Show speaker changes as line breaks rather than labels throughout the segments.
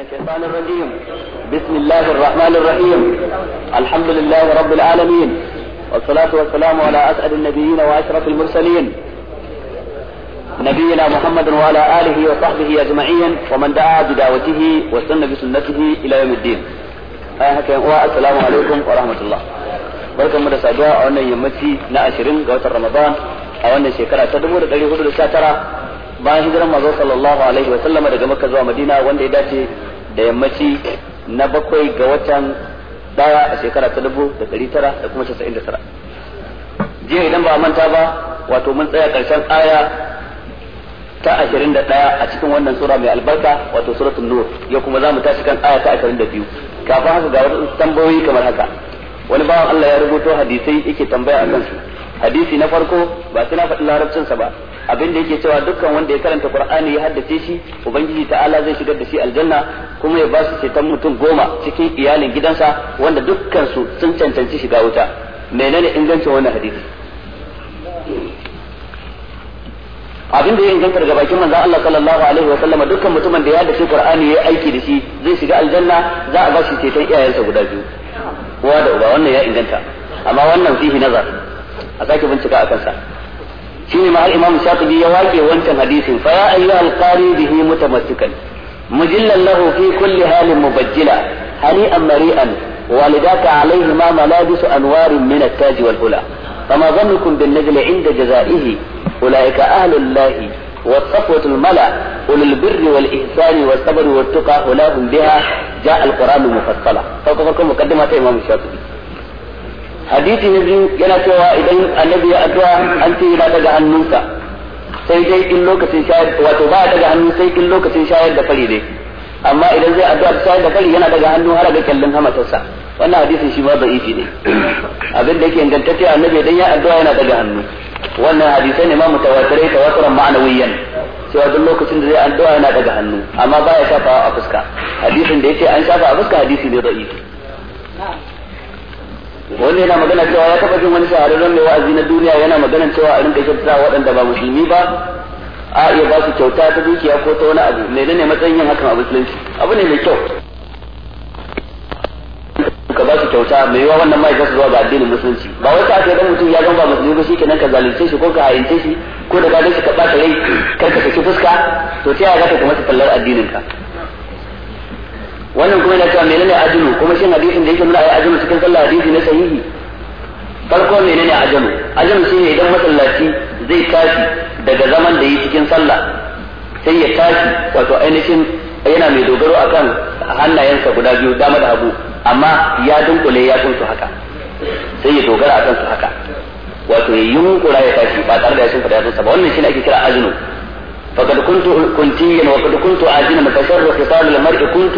من الشيطان الرجيم بسم الله الرحمن الرحيم الحمد لله رب العالمين والصلاة والسلام على أسعد النبيين وأشرف المرسلين نبينا محمد وعلى آله وصحبه أجمعين ومن دعا بدعوته واستنى بسنته إلى يوم الدين السلام عليكم ورحمة الله barkan mu da saduwa a wannan yammaci na ashirin ga watan Ramadan a wannan shekara ta dubu da ɗari hudu da sha tara bayan hijiran manzo sallallahu alaihi wa sallama daga Makka zuwa Madina wanda ya dace da yammaci na bakwai ga watan daya a shekara ta dubu da ɗari tara da kuma casa'in da tara
jiya idan ba a manta ba
wato mun tsaya ƙarshen aya ta ashirin da ɗaya a cikin wannan sura mai albarka wato suratun nur ya kuma za mu tashi kan aya ta ashirin da biyu kafin haka ga wasu tambayoyi kamar haka wani bawan Allah ya rubuto hadisai yake tambaya a kansu hadisi na farko ba sai na faɗi larabcinsa ba abin da yake cewa dukkan wanda ya karanta qur'ani ya haddace shi ubangiji ta'ala zai shigar da shi aljanna kuma ya ba shi ceton mutum goma cikin iyalin gidansa wanda dukkan su sun cancanci shiga wuta menene ingancin wannan hadisi abin da ya inganta daga bakin manzo Allah sallallahu alaihi wa sallama dukkan mutumin da ya haddace qur'ani ya aiki da shi zai shiga aljanna za a ba shi ceton iyayensa guda biyu uwa da uba wannan ya inganta amma wannan fihi nazar a sake bincika akan sa shine مع الامام الشاطبي shatibi ya wake wancan hadisin fa ya ayyuhal qari bihi mutamassikan mujillan lahu fi kulli halin mubajjila hani'an mari'an عليهما ملابس أنوار من التاج والهلا فما ظنكم بالنجل عند جزائه أولئك أهل الله والصفوة الملا أولو البر والإحسان والصبر والتقى أولاهم بها جاء القرآن مفصلا فوق مقدمة الامام الشاطبي hadisi na biyu yana cewa idan annabi ya addu'a an ce ba daga hannunsa sai dai in lokacin shayar wato ba daga hannu sai in lokacin shayar da fari dai
amma idan zai addu'a da shayar da fari yana daga hannu har ga
kallon hamatarsa wannan hadisi shi ma da'ifi ne abin da yake ingantacce annabi idan ya addu'a yana daga hannu wannan hadisai ne ma mutawatirai ma'ana wuyan cewa duk lokacin da zai addu'a yana daga hannu amma ba ya shafawa a fuska hadisin da yake an shafa a fuska hadisi ne da'ifi
wanda yana magana cewa ya taba jin wani
shahararren mai wa'azi na duniya yana magana cewa a rinka kyautata waɗanda ba musulmi ba a iya ba su kyauta ta dukiya ko ta wani abu mai ne matsayin yin hakan a musulunci abu ne mai kyau ka ba su kyauta mai yawa wannan su zuwa ga addinin musulunci ba wai ka ce mutum ya zama ba musulmi ba shikenan ka zalunce shi ko ka hayince shi ko da ka dace ka ɓata rai kar ka saki fuska to ta yaya za ka kuma ta fallar addinin ka wannan kuma yana cewa menene ajalu kuma shin hadisin da yake nuna ai ajalu cikin sallah hadisi na sahihi farko menene ajalu ajalu shine idan masallaci zai tashi daga zaman da yi cikin sallah sai ya tashi wato ainihin yana mai dogaro akan hannayensa guda biyu dama da hagu amma ya dunkule ya su haka sai ya dogara akan su haka wato ya yunkura ya tashi ba tare da ya sun fada ya ba wannan shine ake kira ajalu فقد كنت كنتيا وقد كنت عاجلا فتشرف خصال المرء كنت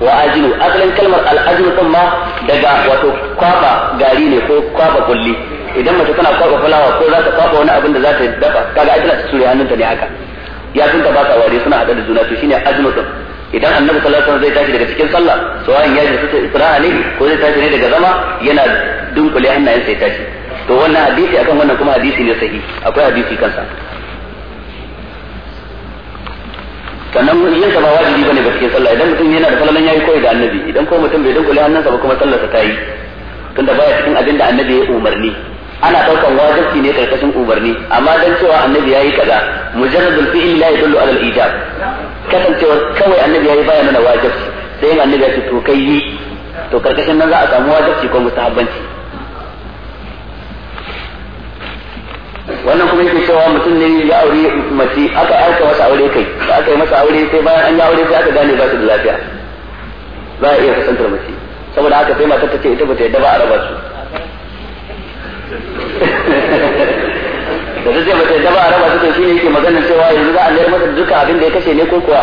wa ajilu asalin kalmar al'ajilu din ma daga wato kwaba gari ne ko kwaba kulli idan mace tana kwaba fulawa ko za ta kwaba wani abin da za ta dafa kaga ai tana tsure hannunta ne haka ya tunta ba sa wari suna hada da juna to shine ajilu din idan annabi sallallahu alaihi wasallam zai tashi daga cikin sallah ya ji sai isra'a ne ko zai tashi ne daga zama yana dunkule hannayen sai tashi to wannan hadisi akan wannan kuma hadisi ne sahihi akwai hadisi kansa sannan yin sa ba wajibi bane ba cikin sallah idan mutum yana da sallan yayi koyi da annabi idan ko mutum bai dunkule hannunsa ba kuma sallarsa ta yi tunda baya cikin abin da annabi ya umarni ana daukan wajibi ne karkashin umarni amma dan cewa annabi yayi kaza mujarradul fi'l la yadullu ala al-ijab kasancewa kawai annabi yayi baya nuna wajibi sai annabi ya ce to kai yi to karkashin nan za a samu wajibi ko mustahabbanci
wannan kuma yake cewa mutum ne ya aure mace aka aika masa aure kai aka yi masa aure
sai bayan an yi aure sai aka gane ba su da lafiya ba a iya kusantar mace saboda haka sai matar ta ce ita ba ta yadda ba a raba su da zai ba ta yadda ba a raba su to shine yake magana cewa yanzu za a mayar masa duka abin da ya kashe ne ko kuwa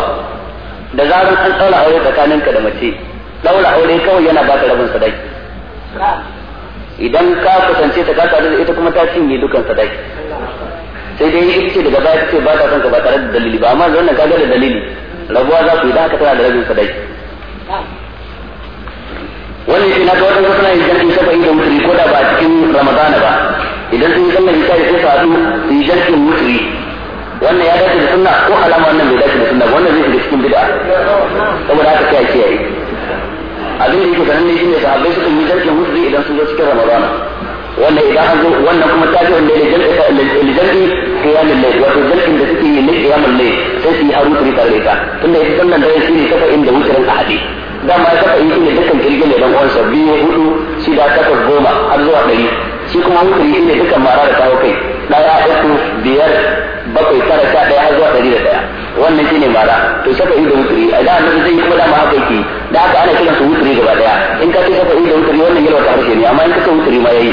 da zarar an tsaura aure tsakaninka da mace daura aure kawai yana baka rabin
sadaki
idan ka kusance ta ka sadu da ita kuma ta cinye dukan sadaki sai dai ita ce daga baya ce ba ta son ka ba tare da dalili ba amma wannan ka ga da dalili rabuwa za ku idan ka haka tana da rabin sadaki wani shi na ga wata suna yin jarki saba inda mutri ko da ba a cikin ramadana ba idan sun yi sallar isa sai su su yi jarkin mutri wannan ya dace da sunna ko alama wannan bai dace da sunna wannan zai shiga cikin bid'a saboda haka sai a kiyaye abin da yake sanan ne shine sahabbai suka yi zarkin huzuri idan sun zo cikin ramadana wannan idan an zo wannan kuma ta ji wanda da zarki qiyamul layl wato zarkin da suke yi ne qiyamul layl sai su yi haru su rika rika tunda yake sannan da yake ne kafa inda a ahadi dama ya kafa yi ne dukkan kirgin da dan uwansa biyu hudu shida takwas goma har zuwa ɗari shi kuma wuturi ne dukkan mara da kawo kai daya uku biyar bakwai tara sha daya har zuwa dari da daya wannan shine mara to saka da wuturi a da annabi zai kuma dama haka yake da haka ana kiran su wuturi gaba daya in ka ce saka da wuturi wannan yalwata harshe ne amma in ka ce wuturi ma yayi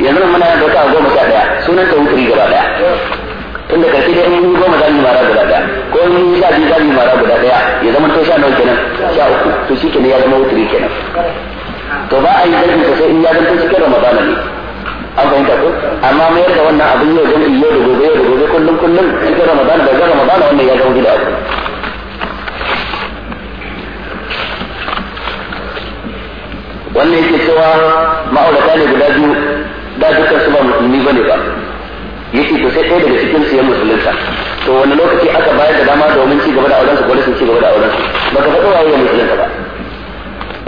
yanzu muna da a goma sha daya sunan ta wuturi gaba tun tunda karshe dai in goma za mu mara guda daya ko in sha biyu za mu mara guda daya ya zama to sha nawa kenan sha uku to shi kenan ya zama wuturi kenan to ba a yi zargin sosai in ya zanto cikin ramadana ne an fahimta ko amma mayar da wannan abin yau zan yau da gobe yau da gobe kullum kullum cikin ramadan da zan ramadan wannan ya zama bid'a wannan yake cewa ma'aurata ne guda biyu da dukkan su ba musulmi bane ba yake to sai ɗaya daga cikin su ya musulunta to wani lokaci aka bayar da dama domin ci gaba da auren su ko sun ci gaba da auren su baka faɗo wa ya musulunta ba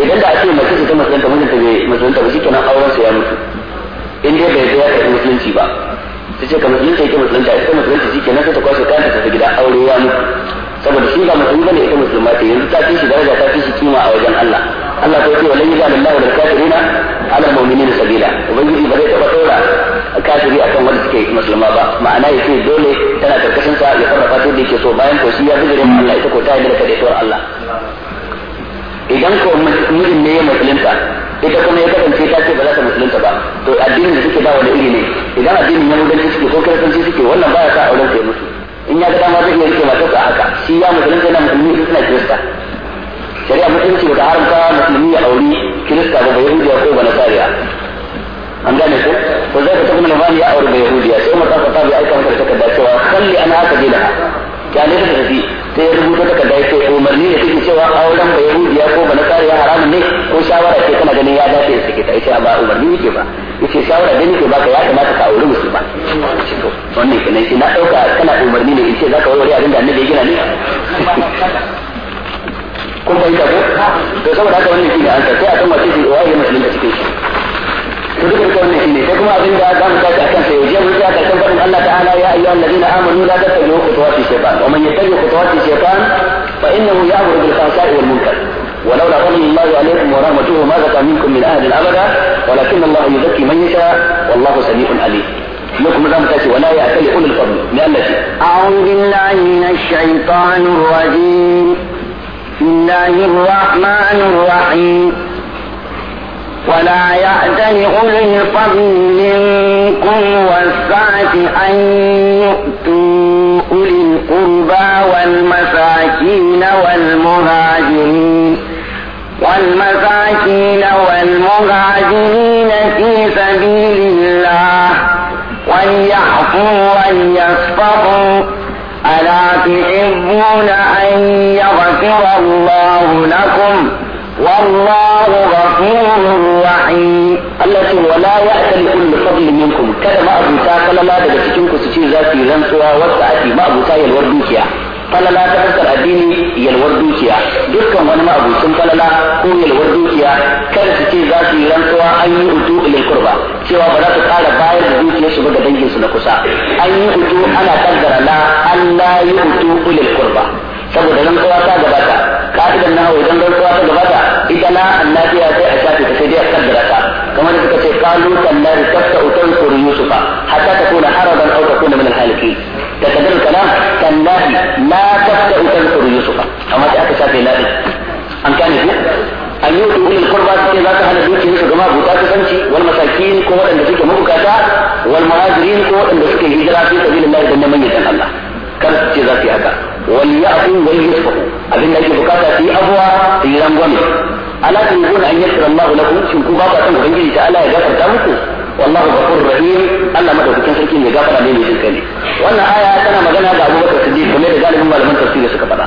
idan da a ce mace ce ta musulunta mijinta bai musulunta ba shikenan auren su ya mutu in dai bai zuwa da musulunci ba ta ce ka musulunci a musulunta ita musulunci shi nan sai ta kwashe kanta ta gida aure ya mutu saboda shi ba musulmi bane ita musulma ce yanzu ta fi shi daraja ta fi shi kima a wajen Allah Allah ta ce wallahi ya lillahi wal kafirina ala mu'minin sabila ubangiji ba zai taba tsora kafiri akan wanda suke musulma ba ma'ana ya ce dole tana karkashin sa ya fara ta da yake so bayan ko shi ya bijire Allah ita ko ta yi da kadaitowar Allah idan ko mutum ne ya musulunta ita kuma ya kasance ta ce ba za ta musulunta ba to addinin da suke ba wani iri ne idan addinin yahudanci suke ko kiristanci suke wannan ya sa auren sai musu in ya ga dama zai iya rike matarsa a haka shi ya musulunta yana musulmi su suna kirista shari'a musulunci ba ta haramta musulmi ya auri kirista ba bai yahudiya ko ba sariya an gane ko ko zai ka na ba ya aure bai yahudiya sai umar ta bi bai aika mata takarda cewa kalli ana haka dinaha kyale ta tafi sai ya rubuta daga da yake umarni ne take cewa auren ba yahudiya ko ba nasara ya haramun ne ko shawara ce kana ganin ya dace su ke ta ba umarni yake ba yace shawara da nake baka ya kamata ka aure musulma wannan kenan shi na dauka kana umarni ne yace zaka warware abin da annabi ya gina ne kun fahimta ko to saboda haka wannan shi ne an sai a san wace ce waye musulmi da cikin shi to duka duka wannan shine sai kuma abin da za mu tashi akan sai yaje mun tsaya kan fadin Allah ta'ala ya ayyuhal ladina amanu la tattabi'u khutuwati shaytan wa man yattabi' khutuwati shaytan fa innahu ya'muru bil fahsha'i wal munkar ولولا فضل الله عليكم ورحمته ما زكى منكم من احد ابدا ولكن الله يزكي من يشاء والله سميع عليم لكم زعم تاتي ولا يأتل أولي الفضل لأن
شيء أعوذ بالله من الشيطان الرجيم بسم الله الرحمن الرحيم ولا يأتل أولي الفضل منكم والسعة أن يؤتوا أولي القربى والمساكين والمهاجرين والمساكين والمهاجرين في سبيل الله وليعفوا وليصفقوا ألا تحبون أن يغفر الله لكم والله غفور رحيم التي ولا يأتل كل فضل منكم كذا ما أبوتا فلا لا تبسكين كسوشي ذاتي رنسوا
وسعتي ما أبوتا يلوردوكيا فلا لا تفكر الديني يلوردوكيا دكا وانا ما أبوتن فلا لا كو يلوردوكيا كذا سوشي ذاتي رنسوا أن يؤتوا إلى القربة cewa ba za su ƙara bayar da dukiyarsu ba ga danginsu na kusa an yi hutu ana kaddara la an la yi hutu ulil kurba saboda nan kowa ta gabata ka'idan nahu idan rantsuwa ta gabata ita na annabiya sai a shafe ta sai dai a kaddara ta kamar da suka ce qalu tallahi tafta utansuru yusufa hatta takuna haradan aw takuna min al-halikin da kadar kalam tallahi la tafta utansuru yusufa amma sai aka shafe la
an kane ku an yi wuce ilil kurba suke za ka hana dukiyar su gama buta kusanci wal masakin ko waɗanda suke mabukata wal muhajirin ko waɗanda suke hijira fi sabilillah dan neman
yardan Allah kar su ce za su yi haka wani abin wani yusuf abin da ake bukata su yi abuwa su yi rangwame ala yi gona an yasira Allah lakum shin ku ba ba san ubangiji ta ala ya gafarta muku wallahu ghafur rahim Allah madaukakin sarki ne gafara ne mai jinkai wannan aya tana magana da Abubakar Siddiq kuma da galibin malaman tafsiri suka faɗa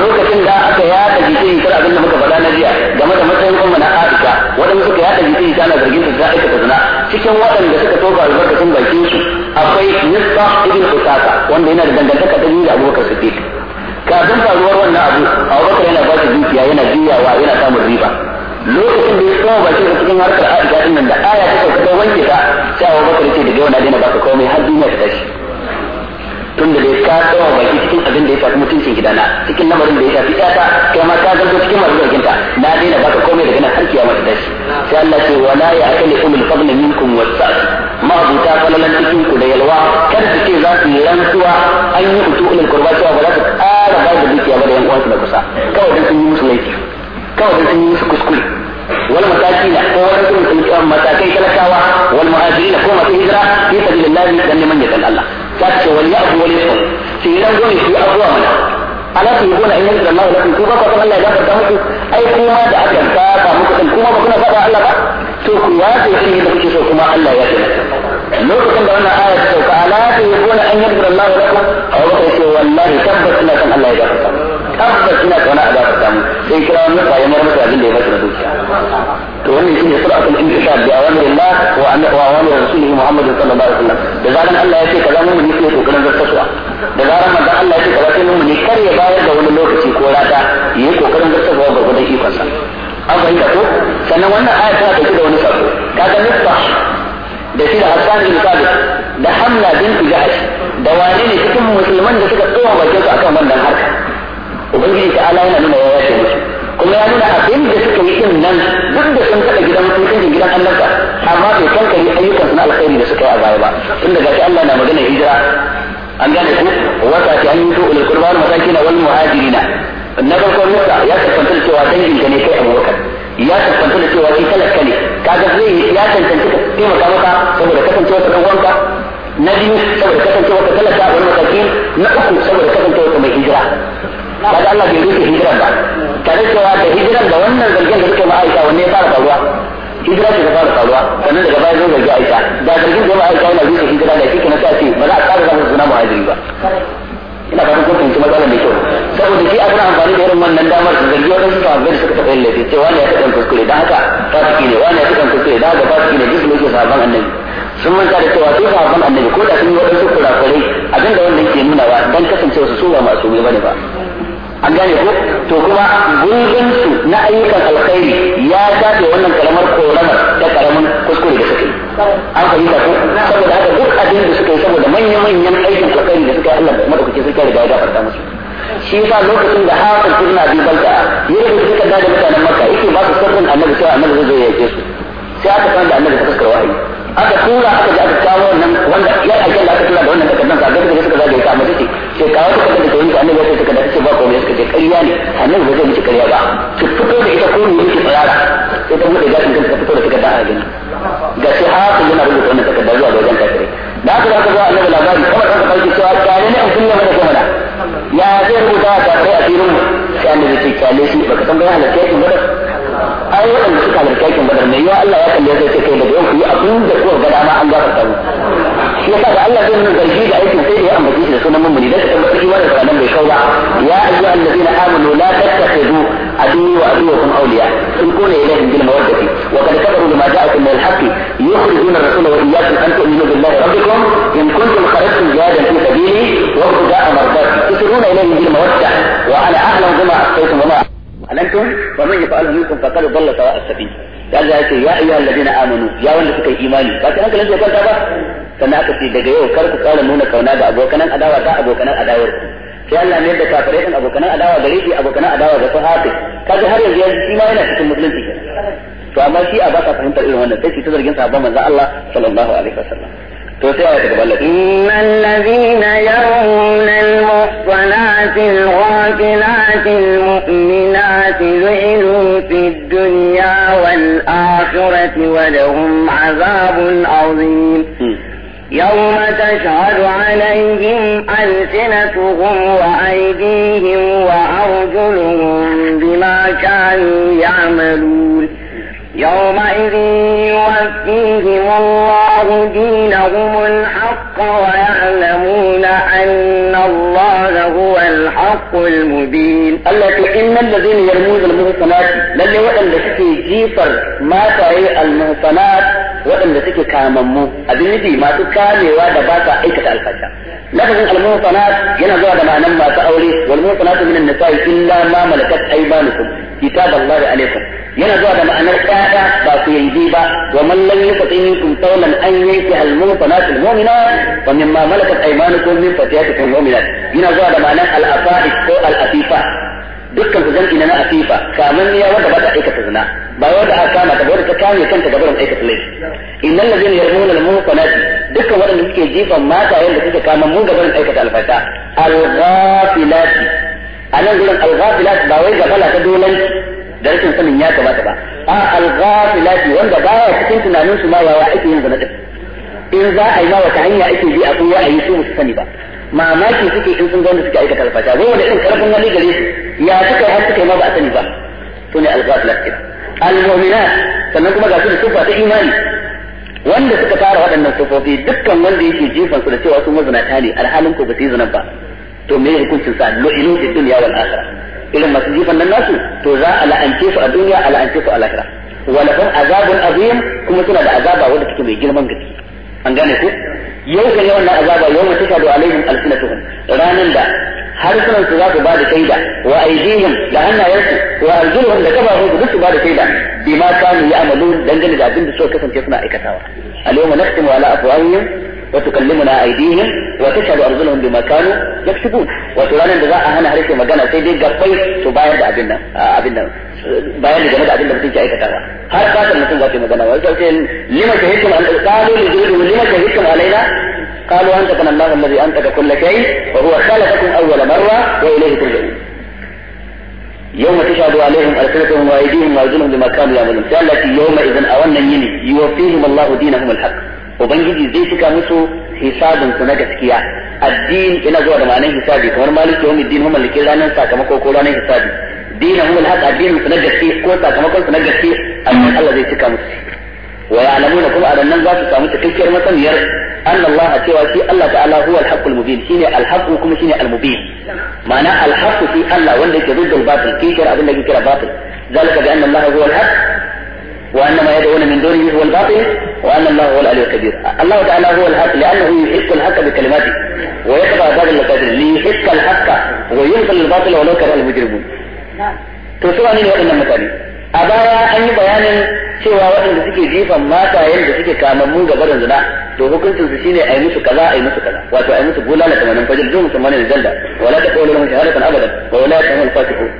lokacin da aka yada jikin kira abin da muka faɗa na jiya game da matsayin umma na Aisha wadanda suka yada jikin tana zargin ta aikata zina cikin waɗanda suka tofa albarkacin bakin su akwai Mista ibn Usaka wanda yana da dangantaka ta da Abubakar ka kafin faruwar wannan abu Abubakar yana ba shi dukiya yana wa yana samun riba lokacin da ya tsoma bakin sa cikin harkar Aisha din nan da aya ta sauka ta wanke ta sai bakar ce da yau na daina baka komai har duniya ta tashi
tun da dai ka tsoma baki cikin abin da ya faru mutuncin gidana cikin lamarin da ya shafi ƴata kai ma ka ganto cikin masu na daina baka komai daga nan har kiyama ta tashi التي ولا يأكل
من فضل منكم والسأل ما أبوتا فلن تكون كده يلوى كان تكي ذات ميران يرمسوا أن يؤتوا أولي القربى سوى ولا تتآل آه، بعض بيت يا بلي ينقوان سنة كاو كوا دنسوا يمس ليتي
كوا دنسوا يمس كسكري والمساكين هو رسول مساكين تلكاوا والمهاجرين كوما في هجرة في سبيل الله لن من يتن الله تاتي وليأخذ
وليأخذ سيلان دوني في أقوامنا ala ku yi gona in yanzu Allah lakum ku ba ku Allah ya gafarta muku ai kuma da aka saka muku din kuma ba kuna faɗa Allah ba to ku ya ce shi da kuke so kuma Allah ya ce lokacin da wannan aya ta sauka ala ku yi gona in yanzu Allah lakum aw ba ce wallahi tabbas ina kan Allah ya gafarta tabbas ina kan Allah ya mu sai kira da ya dukiya to wannan shine suratul intisar bi awamirillah wa wa awamir rasulih muhammad sallallahu alaihi wasallam da zaran Allah ya ce kaza mun ne sai kokarin zartaswa da zaran manzo Allah ya ce kaza sai mun ne kar ya bayar da wani lokaci ko rata yayi kokarin zartaswa ga gudan ikonsa an fahimta ko sannan wannan aya tana dauke da wani sako kaga nisbah da shi da Hassan bin Sabit da Hamla binti Jahash da wani ne cikin musulman da suka tsowa bakin su akan wannan harka ubangiji ta ala yana nuna yawa kuma ya nuna abin da suka yi din nan duk da sun taɓa gidan mutuncin gidan annabta amma bai kankare ayyukan su na alkhairi da suka yi a baya ba tunda gashi Allah na magana hijira an gane ku wata ta an yi to ulul qurba wal masakin wal muhajirina na farkon nuka ya kasance cewa dangin ka ne kai abubakar ya kasance da cewa kai talaka ne kaga zai ya tantance ka taimaka maka saboda kasancewa ka dan wanka na biyu saboda kasancewa ka talaka wal masakin na uku saboda kasancewa ka mai hijira kaga Allah bai rufe hijira ba tare cewa da hijiran da wannan zargin da suke ma'aika wanne ya fara faruwa hijira ce ta fara faruwa sannan daga baya zo zargi aika da zargin da ma'aika yana zuwa hijira da shi kenan sai ce ba za a ƙara zama suna muhajiri ba ina fatan kun fahimci matsalar da kyau saboda shi ana amfani da irin wannan damar su zargi wajen suka hankali suka taɓa yin laifi ce wani ya kaɗan kuskure da haka ne wani ya kaɗan kuskure da haka ne duk annabi sun manta da cewa annabi ko da sun yi waɗansu kurakurai abinda wanda nuna ba don kasancewa su su ba masu ba ne ba an gane ko to kuma gurbin su na ayyukan alkhairi ya dace wannan kalamar korama da karamin kuskure da suka yi an fahimta ko saboda haka duk abin da suka yi saboda manyan manyan aikin alkhairi da suka yi Allah madaukake suka riga ya gafarta musu shi yasa lokacin da haka kuna bi balda yayin da suka da mutanen makka yake ba su sabon annabi cewa annabi zai yake su sai aka san da annabi ta fuskar wahayi aka tura aka ji aka kawo wannan wanda ya aka da aka tura da wannan ke kawo ta kada da yanzu annabi sai kada take ba ko ne suka ce ƙarya ne annabi ba zai miki ƙarya ba ki fito da ita ko ne yake tsara sai ta bude gashin kanta fito da take da hajin ga shi haka yana rubuta wannan takarda zuwa ga wajen kafirai da haka da aka zo annabi labari kamar kanka farki cewa kyale ne an mana kamar ya zai rubuta a kafirai a filin mu sai annabi ce kyale shi baka san ga halatta yake ai waɗanda suka halarta yakin badar ne Allah ya kalle sai ce kai daga yau ku yi abin da kuka ga dama an gafarta mu shi yasa da Allah zai nuna zargi da aikin ambace shi da sunan mummuni da ka tabbata shi wannan sanan bai kau ba ya ayyuha allazina amanu la tattakhidhu aduwwa wa aduwwakum awliya in kuna ilahin bil mawaddati wa qad kafaru bima ja'akum min al-haqq yukhrijuna ar-rasula wa iyyakum an tu'minu billahi rabbikum in kuntum kharajtum jihadan fi sabili wa ibtida'a mardati tusiruna ilayhi bil mawaddah wa ana a'lamu bima akhfaytum wa ma أعلنتم ومن يفعله منكم فقد ضل سواء السبيل قال ذلك يا أيها الذين آمنوا يا وند سكي إيماني لكن أنت لن تكون sannan aka ce daga yau kar ku kara nuna kauna ga abokanan adawa ta abokanan adawar ku sai Allah ne da kafirai din abokanan adawa gare shi abokanan adawa ga sahabi kaga har yanzu shi ma yana cikin musulunci to amma shi a baka fahimtar irin wannan sai shi ta zargin sahabban
manzo Allah sallallahu alaihi wasallam to sai aya ta gaba Allah innal ladina yarmuna al-muhsanati al-ghafilati al-mu'minati lu'inu fid dunya wal akhirati wa lahum 'adhabun 'azim يوم تشهد عليهم ألسنتهم وأيديهم وأرجلهم بما كانوا يعملون يومئذ يوفيهم الله دينهم الحق ويعلمون أن الله هو الحق المبين الله إن الذين يرمون المحصنات للي وأن لسكي جيفر ما تري المحصنات
وأن لسكي كاممو أبنبي ما تكامي وادباتا إيكة الفجر lafazin al-muhsanat yana zuwa da ma'anan masu aure wal muhsanat min an-nisa'i illa ma malakat aymanukum kitaballahi alaikum yana zuwa da ma'anar ƴaƴa ba ku yanzu ba wa man lam yastati minkum qawlan an yanki al-muhsanat al-mu'minat wa mimma malakat aymanukum min fatiyatikum al-mu'minat yana zuwa da ma'anar al-afa'id ko al-afifa dukkan su ina na asifa kamar ya wanda ba ta aikata zina ba wanda aka kama ta wanda ta kame kanta da barin aikata laifi innal ladzina yarmuna al-muhsanati dukkan wanda suke jifan mata wanda suke kama mun gaban aikata aikata alfata al-ghafilati anan gurin al-ghafilat ba wai gafala ta dolan da rashin sanin ya kamata ba a al-ghafilati wanda ba ya cikin tunanin su ma wa ake yin zina in za a yi ma wata hanya ake bi a kowa a yi su musu sani ba mamaki suke in sun ga wanda suke aikata alfata wanda irin karfin wani gare su ya suka har suka yi ma ba a sani ba to ne al-ghafilat al-mu'minat sannan kuma ga su da sifa ta imani wanda suka fara waɗannan sufofi dukkan wanda yake jifan su da cewa su mazinata ne alhalin ko ba su yi zinan ba to me hukuncin sa lo'ilu da dunya wal akhirah irin masu jifan nan nasu to za a la'ance su a duniya a la'ance su a lahira walahum azabun azim kuma suna da azaba wanda take mai girman gaske an gane ku yau kan yawan nan azaba yau mace ta da alaihim alsinatuhum ranan da هل سنة تباك بعد كيدا وأيديهم لأن يرسل وأرجلهم لكبه بس بعد كيدا بما كانوا يعملون دنجل جاتين بسوء كثم كثم إكتاوا اليوم نختم على أفواههم وتكلمنا أيديهم وتشهد ارجلهم بما كانوا يكسبون وتران الرضاء أهنا هريسي مجانا سيدي قطي تباين بأبنا أبنا باين لجمد أبنا بطين جائكة كارا هر قاس المسلم ذاتي مجانا وقال لما شهدتم قالوا لجهدهم لما شهدتم علينا قالوا أنت كان الله الذي أنتك كل شيء وهو خالقكم أول مرة وإليه ترجعون يوم تشهد عليهم ألسنتهم وأيديهم وارجلهم بما كانوا يعملون سألت يوم إذن أولنا يني يوفيهم الله دينهم الحق ubangiji zai cika musu hisabin su na gaskiya addin ina zuwa da ma'anar hisabi kamar maliki wani din huma likin ranar sakamako ko ranar hisabi dinin huma alhaq addinin su na gaske ko sakamakon su na gaske amma Allah zai cika musu wa ya'lamuna kuma a nan za su samu cikakkiyar masaniyar anna Allah cewa shi Allah ta'ala huwa al-haqqul mubin shine al-haqq kuma shine al-mubin
ma'ana al-haqq
fi Allah wanda yake zuddul batil kishar abin da yake kira batil zalika bi anna Allah huwa al-haqq وأن ما يدعون من دونه هو الباطل وأن الله هو العلي الكبير الله تعالى هو الحق لأنه يحق الحق بكلماته ويقضى عباد الباطل ليحق الحق وينقل الباطل ولو كره المجرمون
تسوى من وقت النمطان
أبايا أن بيان سوى وقت ذكي جيفا ما تعين ذكي كامموا قبر الزنا تو كنت تسيني أيمس كذا أيمس كذا واتو أيمس بولا لك من انفجل جوم ثمان الزلدة ولا تقول لهم شهادة أبدا ولا تهم الفاتحون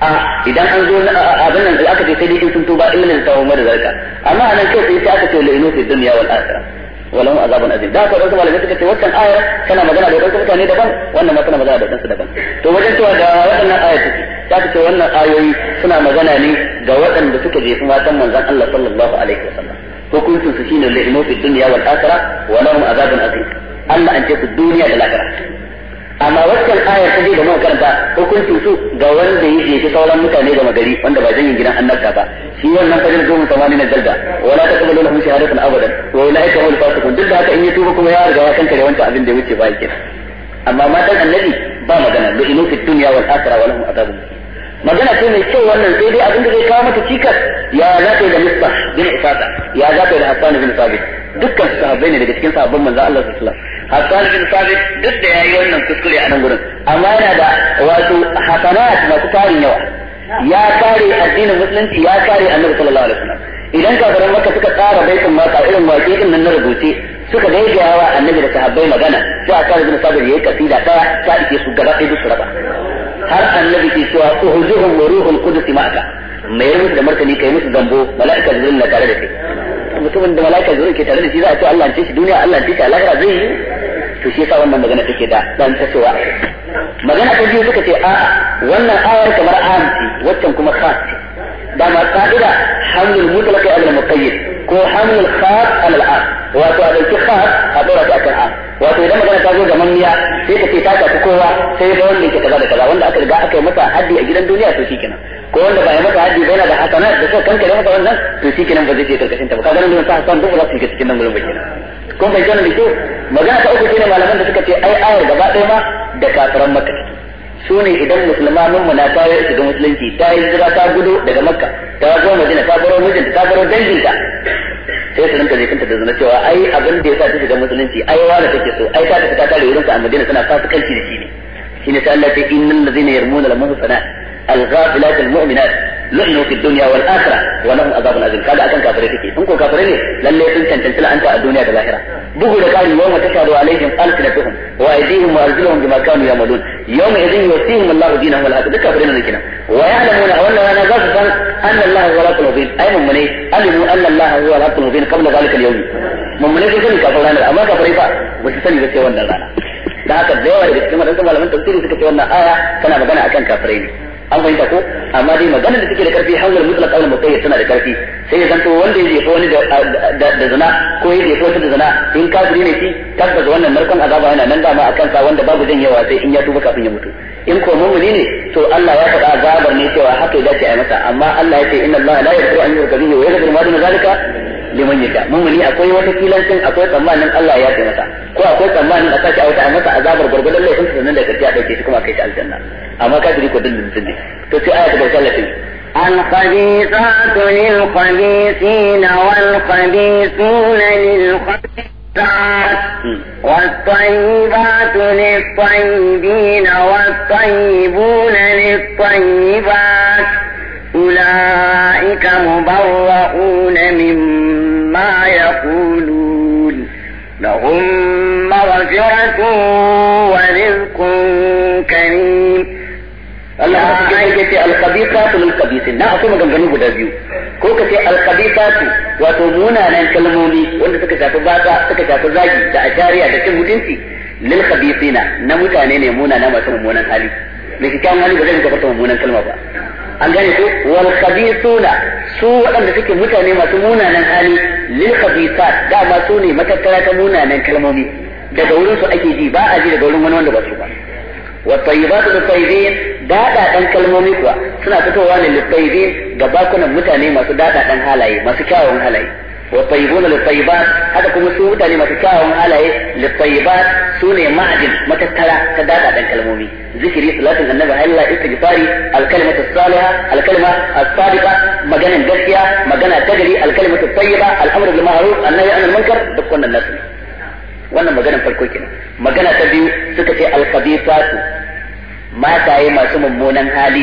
a idan an zo abin nan aka ce sai dai in sun tuba in lil tawma da zarka amma anan kai sai aka ce la'inu fi dunya wal akhirah walahu azabun azim da ka wasu malaka take wannan ayar kana magana da wasu mutane daban wannan ma kana magana da wasu daban to wajen cewa da wannan ayar take ta ce wannan ayoyi suna magana ne ga waɗanda suka jefi matan manzon Allah sallallahu alaihi wasallam sun su shine la'inu fi dunya wal akhirah mu azabun azim Allah an ce su duniya da lahira amma waccan ayar ta da muka karanta hukuncin su ga wanda ya ji sauran mutane da magari wanda ba zan yi gidan annabta ba shi wannan fajr zuwa tamanin na dalda wala ta kabalu lahum shahadatan abadan wa la hum al-fasiqun duk da haka in ya tuba kuma ya riga ya da wancan abin da ya wuce ba yake amma matan annabi ba magana da inu fi dunya wal akhirah wa lahum adabun
magana ce mai kyau wannan sai dai abin da zai kawo mata cikas ya za ka yi da misbah bin
isata ya za ka yi da hassan bin sabit dukkan su sahabbai ne daga cikin sahabban manzo Allah sallallahu alaihi hassan bin sabit
duk da yayi wannan kuskure a nan gurin amma yana da wato hasanat masu
tarin yawa ya kare addinin musulunci ya kare annabi sallallahu alaihi wasallam idan ka kafiran maka suka tsara baitin maka irin waƙe din nan na rubuce suka gaigaya wa annabi da sahabbai magana sai a kare bin sabit yayi kasida daya ta ike su gaba ɗaya su raba har annabi ke cewa uhjuhum wa ruhul qudus ma'aka mai musu da martani kai musu zambo mala'ika da na tare da kai mutumin da mala'ika jibril ke tare da shi za a ce Allah ce shi duniya Allah ce shi alaka zai yi to shi yasa wannan magana take da dan ta magana ta biyu suka ce a wannan ayar kamar amsi waccan kuma khas da ma ka'ida hamdul mutlaqi al-muqayyid ko hamil khas alal am wato a dauki khas a dora shi kan an wato idan magana ta zo ga mamiya sai ta ce ta shafi kowa sai ba wanda yake kaza da kaza wanda aka riga aka yi masa haddi a gidan duniya to shikenan ko wanda ba ya masa haddi ba yana da hasana da so kanka da masa wannan to shikenan ba zai je karkashin ta ba kaga nan sa san duk za su shiga cikin nan gurin ba kenan kun bai gane da ke magana ta uku shine malaman da suka ce ai ayar gaba ɗaya ma da kafiran makka su ne idan mun muna ta tawaye shiga musulunci ta yi hijira ta gudu daga makka ta zo madina ta baro mijinta ta baro danginta sai su rinka jikinta da zuna cewa ai abin da ya sa ta shiga musulunci ai wani take so ai ta tafi ta kare wurinka a madina tana fasikanci da shi ne shine ta Allah ta innal ladzina yarmuna al-muhsanat al-ghafilat al-mu'minat لعنه في الدنيا والآخرة ولهم أضابنا ذلك قال أكن كافريتك تنكو كافريني لن يتنسن تنسل أنت الدنيا بالآخرة بغل قال يوم تشهد عليهم ألسنتهم وأيديهم وأرجلهم بما كانوا يعملون يوم إذن يوسيهم الله دينهم والآخرة ذلك كافرين لكنا ويعلمون أولا أنا غصبا أن الله هو رب المبين أي من مني ألموا أن الله هو رب المبين قبل ذلك اليوم من مني كيف يكافرين أما كافرين وشسن يرسيون الله لا تدعوا إلى السماء أنتم ولا من تبتلوا سكتوا آية كنا بغنا أكن كافريني an fahimta ko amma dai maganar da take da karfi hawlar mutlaq aula mutayyid tana da karfi sai ya zanto wanda ya jefa wani da zina ko ya jefa wata da zina in kafiri ne shi tabbata wannan narkon azaba yana nan dama akan sa wanda babu yawa sai in ya tuba kafin ya mutu in ko mu'mini ne to Allah ya faɗa azabar ne cewa haka dace a masa amma Allah ya ce inna Allah la yaghfiru an yushraka bihi wa yaghfiru ma duna zalika liman yasha mu'mini akwai wata kilancin akwai tsammanin Allah ya ce masa ko akwai tsammanin a sake a wata a masa azabar gurgurdan laifin sunan da karshe a dauke shi kuma kai ta aljanna amma ka ko dindin tunde to sai aya ta bar sallah
sai an khabithatu lil khabithin wal khabithun lil khabithat hmm. wat tayyibatu lit tayyibin wat tayyibun lit tayyibat أولئك مبرؤون مما يقولون لهم مغفرة
al-khabithatu lil khabithin na akwai maganganu guda biyu ko ka ce al wato munanan kalmomi wanda suka shafi bata suka shafi zagi da ashariya da cin mutunci lil khabithina na mutane ne munana masu mummunan hali da kikkiawan hali ba zai ka fata mummunan kalma ba an gane ko wal khabithuna su waɗanda suke mutane masu munanan hali lil khabithat da ma su ne matattara ta munanan kalmomi daga wurin su ake ji ba a ji daga wurin wani wanda ba su ba wa tayyibatu lit tayyibin dada dan kalmomi kuwa suna fitowa ne lit tayyibin ga bakunan mutane masu dada dan halaye masu kyawun halaye wa tayyibuna lit tayyibat haka kuma su mutane masu kyawawan halaye lit tayyibat su ne matattara ta dada kalmomi zikiri salatin annabi Allah istighfari al-kalimatu salihah al-kalima as-sadiqa maganan gaskiya magana ta gari al-kalimatu tayyiba al-amru bil ma'ruf an-nahyi anil munkar wannan maganar farko kenan magana ta biyu suka ce alkabifatu mataye masu mummunan hali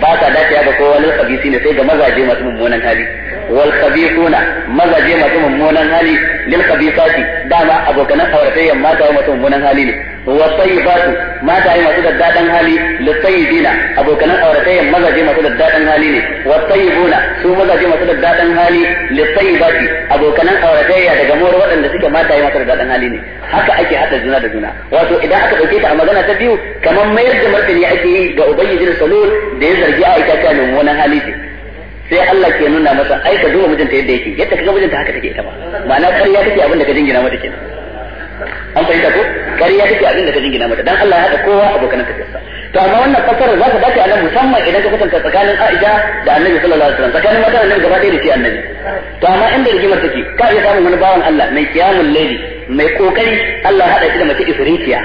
ba ta ya ga kowa lil ne sai ga mazaje masu mummunan hali wal khabisuna mazaje masu mummunan hali lil khabisati dama abokan auratayya mata masu mummunan hali ne wa tayyibatu mata ai masu daddadan hali li tayyibina abokan auratayya mazaje masu daddadan hali ne wa tayyibuna su mazaje masu daddadan hali li tayyibati abokan auratayya daga mor waɗanda suke mata ai masu daddadan hali ne haka ake hada juna da juna wato idan aka dauke ta a magana ta biyu kamar mayar da martani ake yi ga ubangijin salul da ya zargi Aisha ta mummunan hali ce sai Allah ke nuna masa ai ka duba mijinta yadda yake yadda kaga mijinta haka take ita ba ma'ana ƙarya kake abin da ka jingina mata kenan an fahimta ko ƙarya kake abin da ka jingina mata dan Allah ya haɗa kowa abokan tafiyarsa to amma wannan fasara za ka dace a nan musamman idan ka kwatanta tsakanin Aisha da Annabi sallallahu alaihi wasallam tsakanin mata Annabi gaba ɗaya da shi Annabi to amma inda rigimar take ka iya samun wani bawan Allah mai kiyamul laili mai kokari Allah ya haɗa shi da mace ifritiya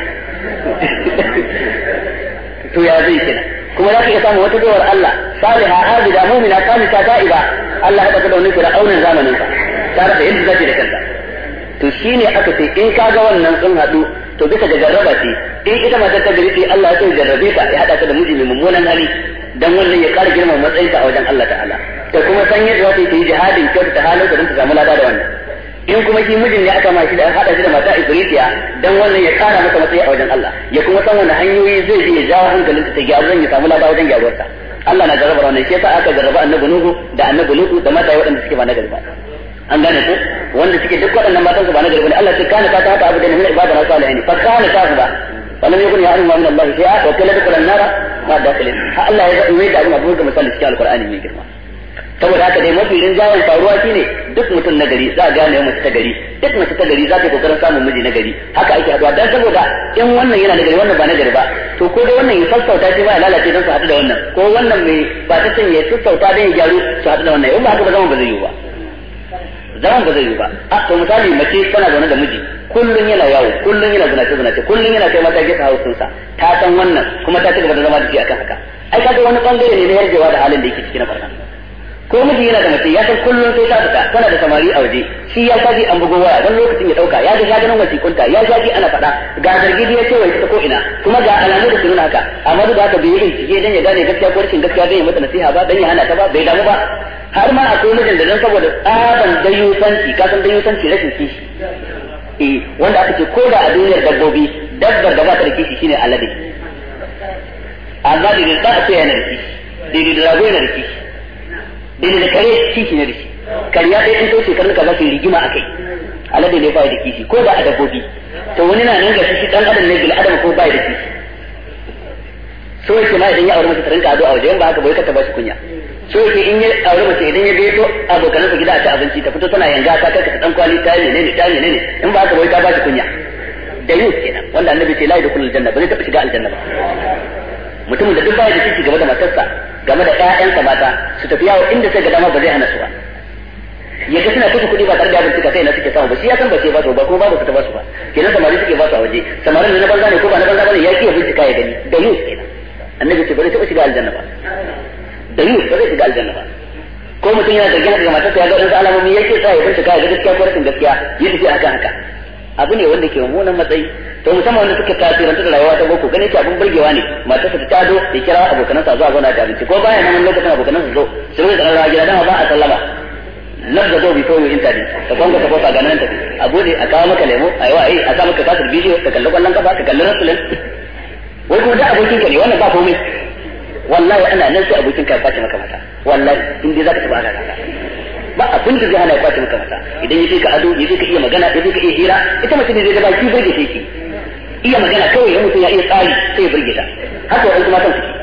to ya zai kenan kuma za ka iya samun wata dawar Allah saliha abida mu'mina ta ta'iba Allah ya baka da wani fir'aunin zamanin ka ta rasa yadda zaki da kanta to shine aka ce in ka ga wannan sun haɗu to bisa ga jarraba ce in ita ma ta gari ce Allah ya so jarrabe ta ya haɗa ta da miji mai mummunan hali dan wannan ya ƙara girma matsayinta a wajen Allah ta'ala ta kuma san yadda za ta yi jihadin kyautu ta halin ta don ta samu lada da wannan in kuma shi mijin ne aka ma shi da an hada shi da mata ifritiya dan wannan ya kara masa matsayi a wajen Allah ya kuma san wani hanyoyi zai bi ya jawo hankalin ta gyaru zan ya samu lada wajen gyaruwarsa Allah na jarraba wannan shi yasa aka jarraba annabi Nuhu da annabi Lutu da mata waɗanda suke ba na gari ba an gane ku wanda suke duk waɗannan matan su ba na gari ne Allah sai kana ta haka abu da ne ibada na salihin fa kana ta haka wannan ne kun ya alima min Allah sai a wakala da nara ma dakhilin ha Allah ya ga mai da abin abu ga misali cikin alqur'ani ne girma saboda haka dai mafi jawon faruwa ne duk mutum na gari za a gane mace ta gari duk mace ta gari za ta kokarin samun miji na gari haka ake haduwa dan saboda in wannan yana da gari wannan ba na gari ba to ko dai wannan ya sassauta shi ba ya lalace don su haɗu da wannan ko wannan mai ba ta sanya ya sassauta dan ya gyaru su haɗu da wannan in ba haka ba zaman ba zai yiwu ba zaman ba zai yiwu ba a to misali mace tana zaune da miji kullum yana yawo kullum yana zinace zinace kullum yana kai mata gefe sa ta san wannan kuma ta ci gaba da zama da shi akan haka ai kaga wani bangare ne na yarjewa da halin da yake ciki na ko miji yana da mace ya san kullum sai ta fita tana da samari a waje shi ya saji an bugo waya don lokacin ya dauka ya ga ya ganin kunta ya shaji ana faɗa ga zargi ya ce wai ta ko ina kuma ga alamu da sunan haka amma duk da haka bai bincike dan ya gane gaskiya ko rashin gaskiya dan ya mata nasiha ba dan ya hana ta ba bai damu ba har ma akwai mijin da dan saboda tsaban dayusanci ka san dayusanci rashin kishi eh wanda aka ce ko da a duniyar dabbobi dabbar da ba ta da kishi shine alade amma da da ta ce yana da kishi da da rago yana da kishi dole eh, da kare kishi ne da shi kariya dai in kai karnuka ka za su rigima a kai alade ne bai da kishi ko ba a dabbobi to wani na nan ga shi dan adam ne bil adam ko bai da kishi so yake ma idan ya aure mace ta rinka ado a waje ba haka bai ka taba shi kunya so yake in ya aure mace idan ya gaito abokanansa gida a ci abinci ta fito tana yanga ta karkata dan kwali ta yi ne ta ne in ba haka bai ka ba shi kunya da yau kenan wanda annabi ce la yadkhulul janna ba zai taba shiga aljanna ba mutumin da duk baya da kici game da matarsa game da ƴaƴansa mata su tafi yawo inda sai ga dama ba zai hana su ba ya ga suna kashe kuɗi ba tare da abin suka kai na suke samu ba shi ya san ba sai ba su ba kuma babu su ta ba su ba kenan samari suke ba su a waje samarin na banza ne ko ba na banza ba ne ya ki ya bincika ya gani da yus kenan annabi ce ba zai taɓa shiga aljanna ba da yus ba zai shiga aljanna ba ko mutum yana zargin haka ga matarsa ya ga ɗansa alamomi ya ke sa ya bincika ya ga gaskiya ko rashin gaskiya ya tafi haka haka abu ne wanda ke mummunan matsayi to musamman wanda suka tasiranta da rayuwa ta boko ganin ce abin burgewa ne su ta do da kira abokanansa zuwa zauna ta abinci ko baya nan lokacin abokanansa zo su rubuta rarrawa gida dama ba a sallama nan da zo bi kawai inta ne ka kwanga ka kosa ganin tafi a bude a kawo maka lemo a yi wa a sa maka kasar bidiyo ka kalli kwallon kafa ka kalli rasulun wai kuma da abokin ka ne wannan ba komai wallahi ana nan su abokin ka ya kwace maka mata wallahi in dai zaka taba ana ba abin da zai hana ya kwace maka mata idan yake ka ado yake ka iya magana ya ka iya hira ita mace ne zai da baki burge shi iya magana kawai ya mutum ya iya tsari sai ya burge ta haka wa kuma matan suke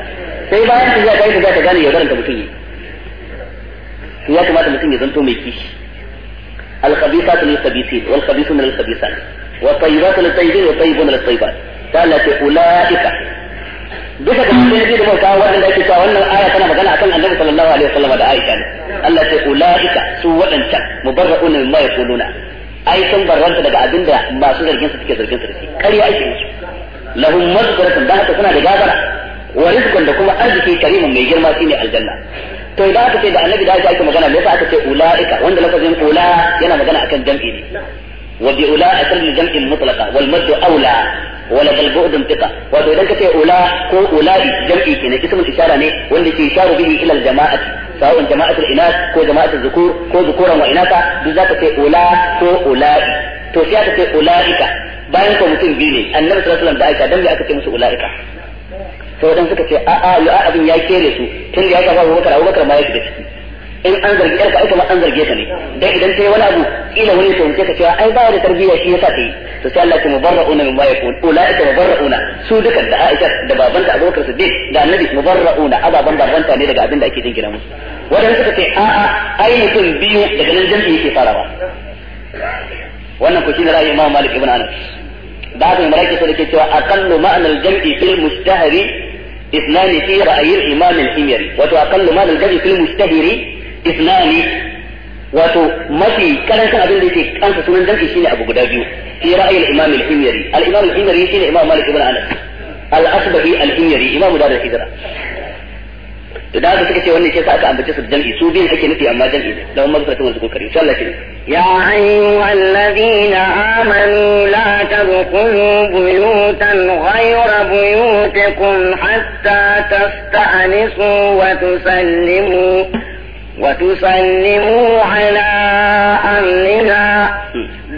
sai bayan ta zai ta ta gane yaudaran da mutum yi to ya kamata mutum ya zanto mai kishi الخبيثات للخبيثين والخبيث من الخبيثات والطيبات للطيبين والطيبون للطيبات قالت أولئك duka da cikin da muka kawo wanda ake cewa wannan aya tana magana akan Annabi sallallahu alaihi wasallam da Aisha Allah ya ce ulaika su wadancan mubarra'una mimma yaquluna ai sun barranta daga abinda masu zargin su suke zargin su da shi ƙarya ake musu lahum mazkaratun da haka suna da gafara wa rizqan da kuma arziki karimin mai girma shine aljanna to idan aka ce da annabi da ake magana me yasa aka ce ulaika wanda lafazin ula yana magana akan jam'i ne wa bi ula asal jam'in mutlaqa wal maddu aula wala bal bu'dun fiqa wato idan kace ula ko ulai jam'i kenan ismul ishara ne wanda ke isharu bihi ila al jama'ati sawa'un jama'atul inas ko jama'atul zukur ko zukuran wa inasa duk zaka ce ula ko ulai to sai aka ce ulaika bayan ko mutum biyu ne annabi sallallahu alaihi wasallam da aisha dan aka ce musu ulaika sai wadan suka ce a'a abin ya kere su tun da ya gaba Abubakar Abubakar ma ya shiga ciki in an zargi yarka ai kamar an zarge ka ne dan idan ta yi wani abu kila wani ya wuce ka cewa ai ba da tarbiyya shi yasa ta yi to sai Allah ya mubarra'una mimma yaqul ulaika mubarra'una su dukan da Aisha da babanta Abubakar Siddiq da Annabi mubarra'una ababan babanta ne daga abin da ake jingina musu
wadanda suka ce a'a ai mutum biyu daga nan jami'i
yake farawa wannan ku shine ra'ayin Imam Malik ibn Anas da haka mai maraki sai ke cewa aqallu ma'anar jam'i fil mustahri اثنان في رأي الإمام الحميري وتأقل مال الجري في المشتهر isnani wato mafi karancin abin da yake kansa sunan jam'i shine abu guda biyu fi ra'ayil imam al-himyari al-imam al-himyari shine imam malik ibn anas al-asbahi al-himyari imamu da hijra to da suka ce wannan shi sa aka
ambace su jam'i su biyan ake nufi amma jam'i ne da umar fatima zukur kare insha Allah kin ya ayyuhal ladina amanu la tadkhulu buyutan ghayra buyutikum hatta tasta'nisu wa tusallimu وتسلموا على أمرها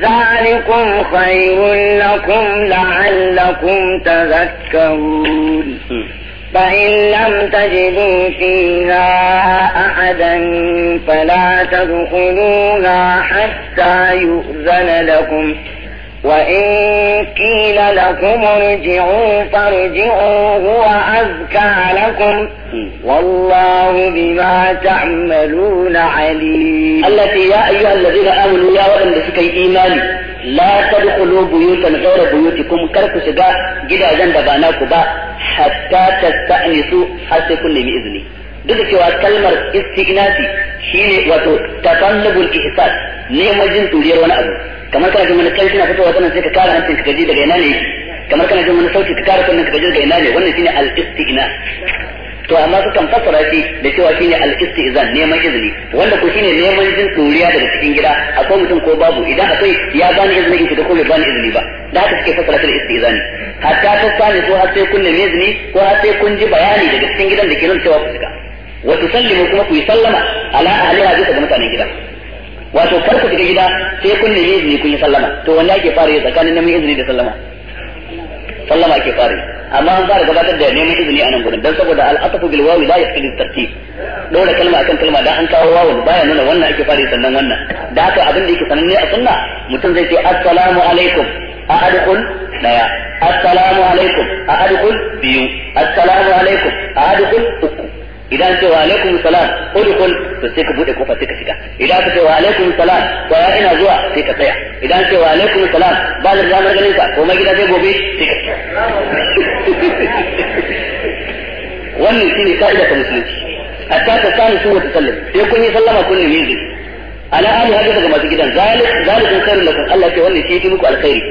ذلكم خير لكم لعلكم تذكرون فإن لم تجدوا فيها أحدا فلا تدخلوها حتى يؤذن لكم وإن قيل لكم ارجعوا فارجعوا هو أزكى لكم والله بما تعملون عليم التي يا أيها الذين آمنوا يا وإن لسكي إيمان لا تدخلوا بيوتا غير بيوتكم كركو سجا جدا جنب باناكو
با حتى تستأنسوا حتى كل بإذنه duk da cewa kalmar shi ne wato tatallabul ihsan neman jin tsuriyar wani abu kamar kana jin wani kalshi na fitowa sannan sai ka kara hancin ka gaji daga ina ne kamar kana jin wani sauti ka kara sannan ka gaji daga ina ne wannan shine al istighnas to amma kan fassara shi da cewa shine al-istizan neman izini wanda ko shine neman jin tsoriya daga cikin gida akwai mutum ko babu idan akwai ya bani izini in fita ko bai bani izini ba da haka suke fassara shi istizan hatta ta sani ko har sai kun nemi izini ko har sai kun ji bayani daga cikin gidan da ke nuna cewa ku shiga wa tusallimu kuma ku yi sallama ala ahliha bisa ga mutanen gida wato farko daga gida sai kun nemi izini kun yi sallama to wanda ake fara yi tsakanin neman izini da sallama sallama ake fara yi amma an fara gabatar da neman izini a nan gurin dan saboda al'atafu bil wawi la yaqtadi tartib dole kalma akan kalma da an kawo wawu baya nuna wannan ake fara sannan wannan da haka abin da yake sananne a sunna mutum zai ce assalamu alaikum a adkhul daya assalamu alaikum a adkhul biyu assalamu alaikum a adkhul uku idan ce wa alaikum salam udkhul to sai ka bude kofa sai ka shiga idan ka ce wa alaikum salam to ya ina zuwa sai ka tsaya idan ce wa alaikum salam ba da zamar ganin ka ko gida sai gobe sai ka tsaya wannan shine ka'ida ta musulunci hatta ta sani su wata sallam sai kun yi sallama kun nemi izini ala ali haka daga masu gidan zalik zalikun khairul lakum Allah ce wannan shi yake muku alkhairi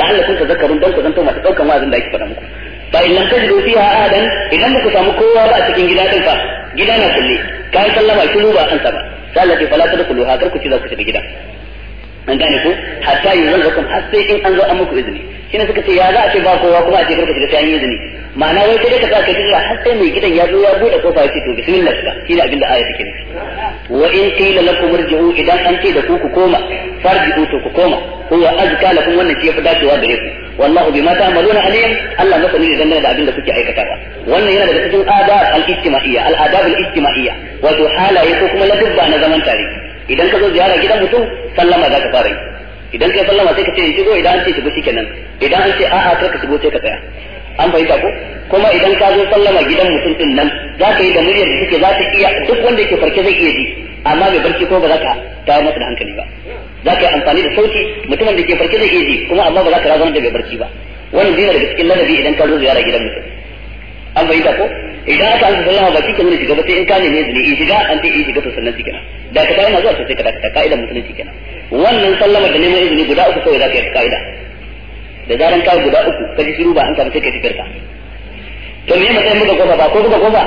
la'allakum tazakkarun dan ku zanto masu daukan wa'azin da ake faɗa muku fa in lam tajidu fiha dan idan muku samu kowa ba a cikin gida din fa gida na kulle kai sallama shiru ba an sa ba sai Allah fala tadkhulu ha karku ci za ku shiga gida an gane ku hatta yuzan lakum har sai in an zo an muku izini shine suka ce ya za a ce ba kowa kuma a ce karku shiga sai an yi izini ma'ana wai sai ka ka ka jira har sai mai gidan ya zo ya bude kofa yace to bismillah shiga shine abin da aya take
nufi
wa in qila lakum irji'u idan an ce da ku ku koma farji'u to ku koma huwa azka lakum wannan shi fi dacewa da ku wallahu bima ta'maluna alim Allah masani ne dangane da abin da kuke aikatawa wannan yana daga cikin adab al-ijtima'iyya al wato halaye ko kuma ladabba na zaman tare idan ka ziyara gidan mutum sallama za ka fara idan kai sallama sai ka ce idan an ce shigo shikenan idan an ce a'a kar ka shigo sai ka an fahimta ko kuma idan zo sallama gidan mutum nan za ka yi da muryar da take za iya duk wanda yake farke zai iya ji amma mai barci ko ba za ka tayar masa da hankali ba za ka yi amfani da sauti mutumin da ke farke zai iya ji kuma amma ba za ka razanar da mai barci ba wannan zai daga cikin ladabi idan ka zo ziyara gidan mutum an bai ta ko idan aka an sallama ba cikin shiga ba sai in ka nemi izini in shiga an ce in shiga to sannan kenan da ka tayar zuwa sai ka dakata ka'idar musulunci kenan wannan sallama da neman izini guda uku kawai za ka yi ka'ida da zaran ka guda uku ka ji shiru ba an ka sai ka tafiyar ka
to me matsayin buga kofa ba ko buga kofa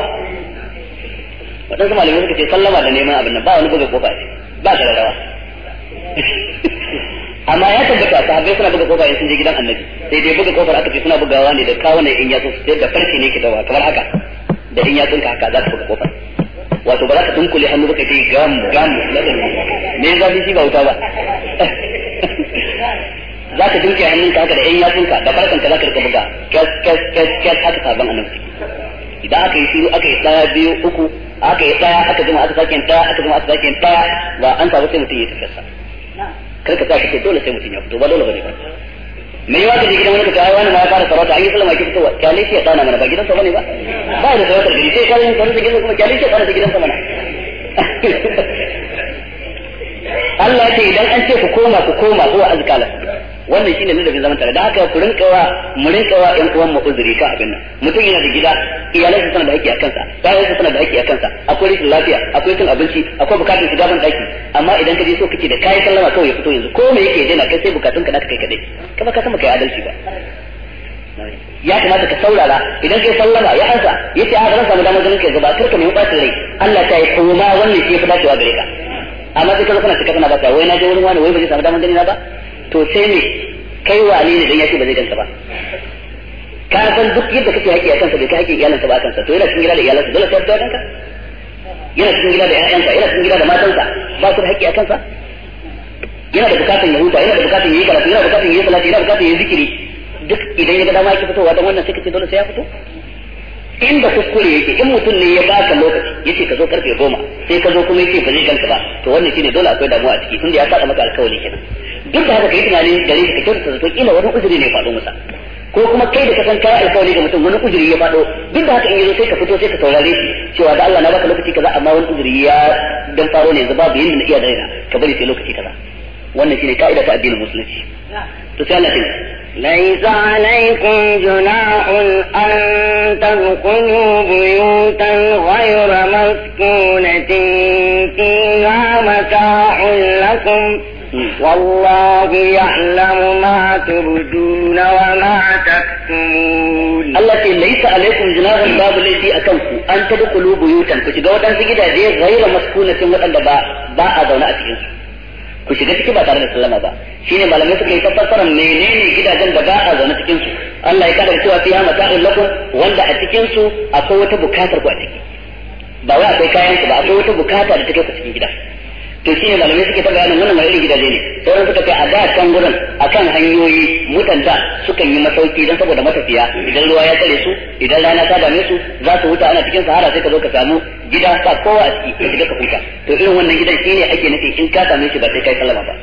waɗansu malamai suka ce sallama da neman abin nan ba wani buga kofa ce ba ta da rawa amma ya tabbata sahabbai suna buga kofa sun je gidan annabi sai dai buga kofar aka ce suna bugawa ne da kawunan in yatsun sai da farce ne ke dawa kamar haka da in yatsun ka haka za ka buga kofar wato ba za ka tunkule hannu ba ka ce gam gam ne su shi ba wuta ba za ka hannun ka haka da in yatsun ka da farkon ka za ka rika buga kyas kyas kyas kyas haka sabon annabi idan aka yi shiru aka yi ɗaya biyu uku aka yi ɗaya aka zama aka sake ɗaya aka zama aka sake ɗaya ba an samu sai mutum ya tafi sa kar ka sake dole sai mutum ya fito ba dole bane ba
me yawa ka je gidan wani ka ta wani ma ya fara sarauta an yi sallama ki fitowa kyale shi ya tsana mana ba
gidan sa bane ba ba da sarauta gari sai kare ni sarautar gidan kuma kyale shi ya tsana da gidan sa mana
Allah ya ce idan an ce ku koma ku koma zuwa azkala
wannan shine ne da zaman tare da haka ku rinka wa mu rinka wa ƴan uwan mu uzuri ka abin nan mutum yana da gida iyalai su suna da aiki a kansa ƴaƴan su suna da aiki a kansa akwai rashin lafiya akwai cin abinci akwai bukatun shiga ban daki amma idan ka je so kake da kai sallama kawai ya fito yanzu ko me yake daina kai sai bukatun ka da kai kadai kuma ka san kai adalci ba ya kamata ka saurara idan kai sallama ya ansa yace a ran mu damar ganin ka gaba karka ne mu bacin rai Allah ta yi kuma wannan shi ya fi dacewa gare ka amma sai ka zo kana cika kana ba wai na je wurin wani wai ba zai samu damar gani na ba to sai ne kai wane ne dan ya ce ba zai ganta ba ka san duk yadda kake haƙi a kansa bai ka haƙi iyalansa ba a kansa to yana cikin gida da iyalansa dole sai ya ganka yana cikin gida da ƴaƴansa yana cikin gida da matansa ba su da haƙi a kansa
yana da bukatun ya huta yana da bukatun ya yi karatu yana da bukatun ya yi salati yana da bukatun
ya yi zikiri duk idan ya ga dama yake fitowa don wannan sai ka ce dole sai ya fito inda kuskure yake in mutum ne ya baka lokaci yace ka zo karfe goma sai ka zo kuma yace ba zai ganka ba to wannan shine dole akwai damuwa a ciki tunda ya saka maka alkawari kenan duk da haka kai tunani gare ka kyautata zato kila wani uzuri ne faɗo masa ko kuma kai da ka san kai alkawari ga mutum wani uzuri ya faɗo duk da haka in yazo sai ka fito sai ka saurare shi cewa da Allah na baka lokaci kaza amma wani uzuri ya dan faro ne yanzu babu yanda na iya daina ka bari sai lokaci kaza wannan shine ka'ida ta addinin musulunci
to sai Allah
ya ليس عليكم جناح أن تدخلوا بيوتا غير مسكونة فيها متاع لكم والله يعلم ما تبدون وما تكتمون الله ليس عليكم جناح باب الذي أتوكم أن تدخلوا بيوتا فشدوا تنسي جدا غير
مسكونة وقد باء باء دون أتيهم ku shiga ciki ba tare da sallama ba shine malamai suka yi mene menene gidajen da ba a zaune cikin su Allah ya kada cewa fiha mata'un lakum wanda a cikin su akwai wata bukatar ku a ciki ba wai akwai kayan ku ba akwai wata bukata da take ku cikin gida to shi ne malamai suke ta bayanin wannan mai gidaje ne sauran suka ce a da can gurin kan hanyoyi mutanta sukan yi masauki don saboda matafiya idan ruwa ya tsare su idan rana ta dame su za su huta ana cikin sahara sai ka zo ka samu gida ba kowa a ciki ka shiga ka huta to irin wannan gidan shi ne ake nufi in ka same shi ba sai kai sallama ba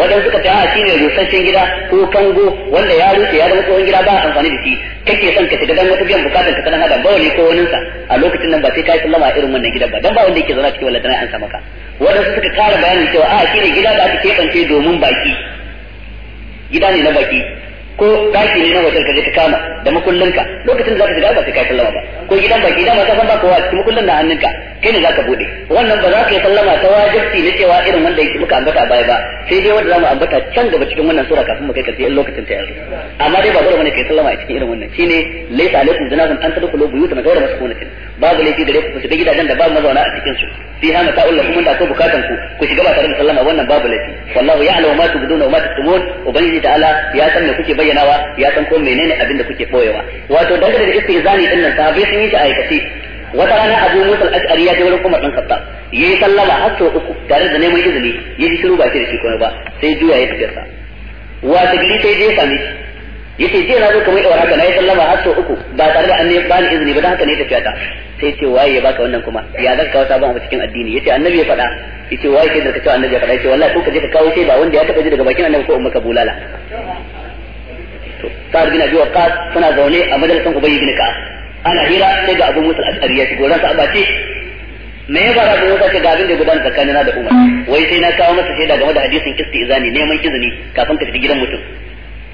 wadan suka ce a ne
rusasshen gida ko kango wanda ya rushe ya zama tsohon gida ba amfani da shi kake son ka shiga dan wata biyan bukatun ka kana da bawali ko sa a lokacin nan ba sai kai sallama irin wannan gidan ba dan ba wanda yake zauna cikin wallahi an samu ka waɗansu suka kara bayanin cewa a shi ne gida da aka keɓance domin baki gida ne na baki ko daki ne na wajen ka je ka kama da makullinka lokacin da za ka shiga ba sai ka sallama ba ko gidan baki dama ma san ba kowa cikin makullin na hannunka kai ne za ka bude wannan ba za ka yi sallama ta wajibci na cewa irin wanda yake muka ambata a baya ba sai dai wanda za mu ambata can gaba cikin wannan sura kafin mu kai karshe in lokacin ta yanzu amma dai ba dole bane kai sallama a cikin irin wannan shine laisa alaikum zinazan an tadkhulu buyutan ghayra maskunatin babu laifi gare ku ku shiga gidajen da babu mazauna a cikin su fi hana ta ulla kuma da ko bukatan ku ku shiga ba tare da sallama wannan babu laifi wallahu ya'lamu ma tubduna wa ma tuktumun ubangiji ta'ala ya san me kuke bayyanawa ya san ko menene abin da kuke boyewa wato dangane da istizani din nan sahabbai sun yi shi a aikace wata rana Abu Musa al-Ash'ari ya je wurin Umar dan Khattab yayi sallama har sau uku tare da neman izini yayi shiru ba shi da shi kuma ba sai juya ya tafi sa wa tagli sai je sami yace jiya na zo kamar yawar haka na yi sallama har sau uku ba tare da annabi ba ni izini ba dan haka ne ta fiyata sai ce waye ya baka wannan kuma ya zaka kawo sabon abu cikin addini yace annabi ya faɗa yace waye ke da ka cewa annabi ya faɗa yace wallahi ko ka je ka kawo sai ba wanda ya taɓa ji daga bakin annabi ko ummaka bulala to sa'ad bin abi waqqas suna zaune a majalisan ubayy bin ka ana hira sai ga abu musul al-ashari ya shigo sa abace me ya fara da wata ga abin da gudan tsakanina da umar wai sai na kawo masa shaida game da hadisin kisti izani neman izini kafin ka tafi gidan mutum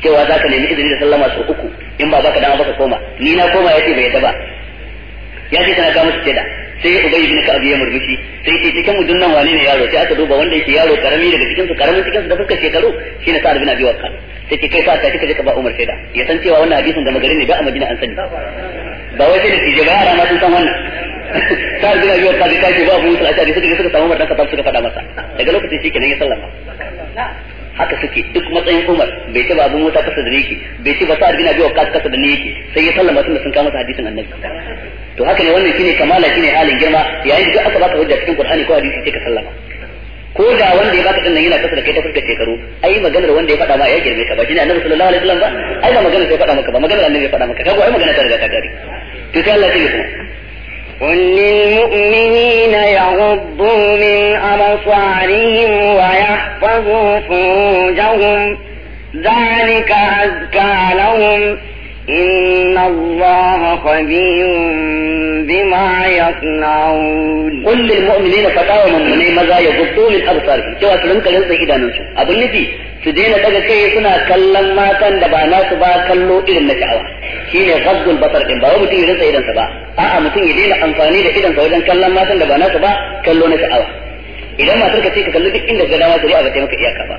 cewa za ka nemi izini da sallama sau uku in ba ka dama ka koma ni na koma ya ce bai yadda ba ya ce kana su ce da sai ya ubayi bin ka'ab ya murmushi sai ce cikin mu nan wane ne yaro sai aka duba wanda yake yaro karami daga cikin su karamin cikin su da fuskar shekaru ne sa'ad bin abi wakka sai ke kai fa ta kika je ka ba Umar shaida ya san cewa wannan hadisin da magarin ne ba a Madina an sani ba wai sai da tije ba yara ma sun san wannan sa'ad bin abi waqqas ya ce ba Abu Musa al-Ashari suka suka samu Umar dan suka faɗa masa daga lokacin shi kenan ya sallama haka suke duk matsayin Umar bai ce ba abin wuta kasa da yake bai ce ba sa bin Abi Waqqas kasa da yake sai ya sallama tunda sun kama hadisin Annabi to haka ne wannan shine kamala shine halin girma yayin da aka baka hujja cikin Qur'ani ko hadisi sai ka sallama ko da wanda ya baka dinnan yana kasa da kai ta fuskar shekaru ai maganar wanda ya faɗa ma ya girme ka ba shine Annabi sallallahu alaihi wasallam ba ai ba maganar sai faɗa maka ba maganar Annabi ya faɗa maka kago ai maganar ta riga ta gari
to sai Allah ya yi قل للمؤمنين يغضوا من أبصارهم ويحفظوا فروجهم ذلك أزكى لهم إن الله خبير بما يصنعون قل للمؤمنين فتاوى من مني ماذا يغطوا من أبصارهم cewa su rinka rinsa idanunsu abin nufi su daina daga kai
suna kallon matan da ba nasu ba kallo irin na sha'awa shine ghazzul basar din ba mutum ya rinsa idansa ba a'a mutum ya daina amfani da idansa wajen kallon matan da ba nasu ba kallo na sha'awa idan matar ka ce ka kalli duk inda ga dama shari'a ba ta maka iyaka ba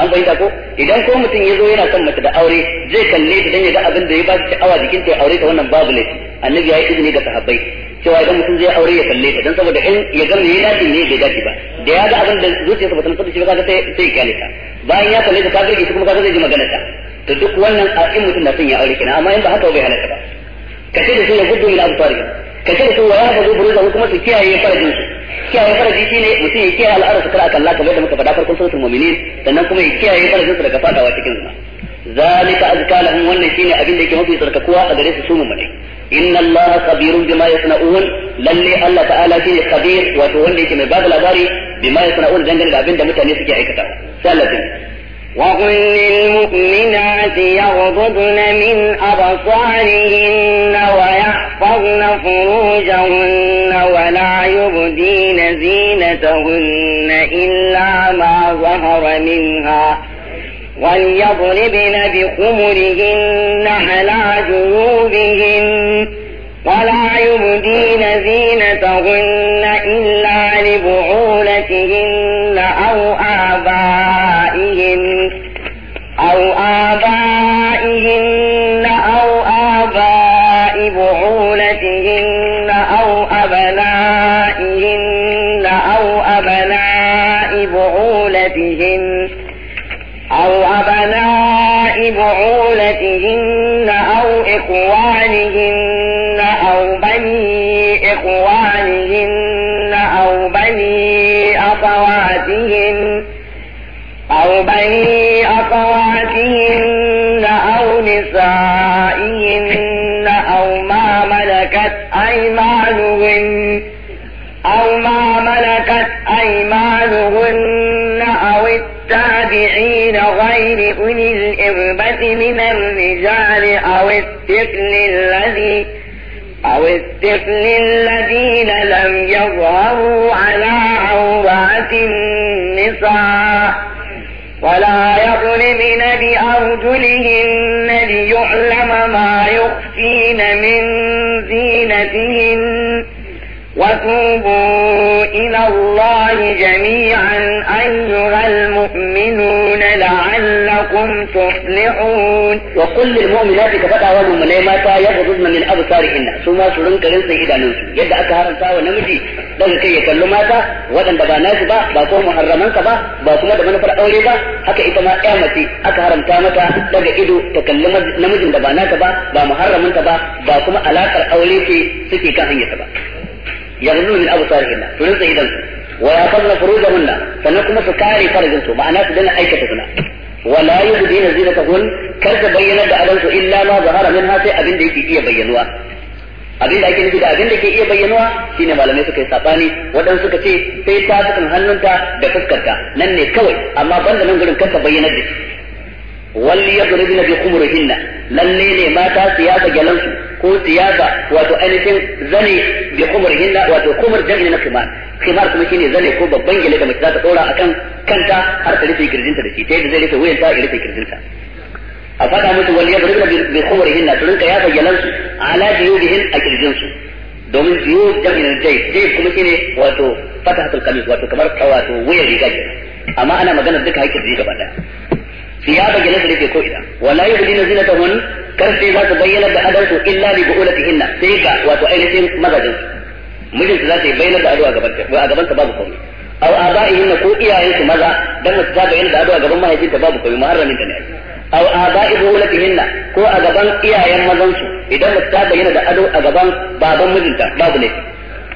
an fahimta ko idan ko mutum ya zo yana son mace da aure zai kalle ta dan ya ga abin da ya ba shi sha'awa jikin ta aure ta wannan babu laifi annabi ya yi izini ga sahabbai cewa idan mutum zai aure ya kalle ta dan saboda in ya ga me ya dace ne bai dace ba da ya ga abin da zuciyarsa ba ta nufa shi ba kaga sai sai kalle ta bayan ya kalle ta kaga shi kuma kaga zai ji magana ta to duk wannan a in mutum na son ya aure kina amma in ba haka bai halatta ba kace da shi ya gudu min abtarihim ka ce su wa yafa zuburu da kuma su kiyaye farajin su kiyaye faraji shine mutum ya kiyaye al'adarsa kar akan Allah kamar da muka faɗa farkon suratul mu'minin sannan kuma ya kiyaye farajin su daga fadawa cikin zina zalika azka lahum wannan shine abin da yake mafi tsarkakuwa a gare su su mu ne inna Allah khabirun bima yasna'un lalle Allah ta'ala shine khabir wato wanda yake mai bada labari bima yasna'un dangane da abin da mutane suke aikata
sai Allah وقل للمؤمنات يغضضن من أبصارهن ويحفظن فروجهن ولا يبدين زينتهن إلا ما ظهر منها وليضربن بخمرهن على جنوبهن ولا يبدين زينتهن إلا لبعولتهن أو آبائهن بناتهن أو إخوانهن أو بني إخوانهن أو بني أخواتهن أو بني أخواتهن أو نسائهن أو ما ملكت أيمانهن أو ما ملكت أيمانهن أو التقوى التابعين غير أولي الإربة من الرجال أو الطفل الذي أو الطفل الذين لم يظهروا على عورات النساء ولا يظلمن بأرجلهن ليعلم ما يخفين من زينتهن وتوبوا الله جميعا أيها المؤمنون لعلكم تفلحون وقل للمؤمنات كفتا والمؤمنين ماتا يغضضن من
أبصارهن ثم سرنك رنسا إذا ننسو يد أكهرن تاوى نمجي daga kai ya kallo mata waɗanda ba nasu ba ba kuma muharramansa ba ba kuma da manufar aure ba haka ita ma ɗaya mace aka haramta mata daga ido ta kalli namijin ba nata ba ba muharramanta ba ba kuma alaƙar aure ce suke kan hanyarta ba yanzu min abu sarihin na su rinsa idan wa yaqulna furujahunna sannan kuma su kare farajin su ma'ana su dana aikata suna wala yubdina zinatahun kar ta bayyana da adan su illa ma zahara minha sai abin da yake iya bayyanuwa
abin da ake nufi da abin da
ke iya bayyanuwa shine malamai suka yi sabani waɗansu suka ce sai ta hannunta da fuskarta nan ne kawai amma banda nan gurin kar ta bayyana da shi walli yadribna bi khumurihinna lalle ne mata su yaga galansu ko su yaga wato ainihin zane bi khumurihinna wato khumur jami'i na khimar khimar kuma shine zane ko babban gele da mace za ta dora kan kanta har ta rufe kirjinta da shi ta yadda zai rufe wuyanta ya rufe kirjinta a faɗa musu wal yadribna bi khumurihinna su rinka yaga galansu ala jiyubihin a kirjinsu domin jiyub jami'in jayb jayb kuma shine wato fata fatahatul qamis wato kamar wato wuyar riga amma ana magana duka haƙƙin riga ba. daya ya bayyana su ko ina wala yi hudi na zina ta hun karfe za su bayyana da adar su illa bi bu'ula fi hinna sai ga wato ainihin mazajin mijin za ta yi bayyana da adar a ta babu komai aw aba'ihin ko iyayen su maza dan su ta bayyana da adar a gaban mahaifin ta babu komai muharramin da ne aw aba'i bu'ula fi hinna ko a gaban iyayen mazan su idan su ta bayyana da adar a gaban baban mijinta babu ne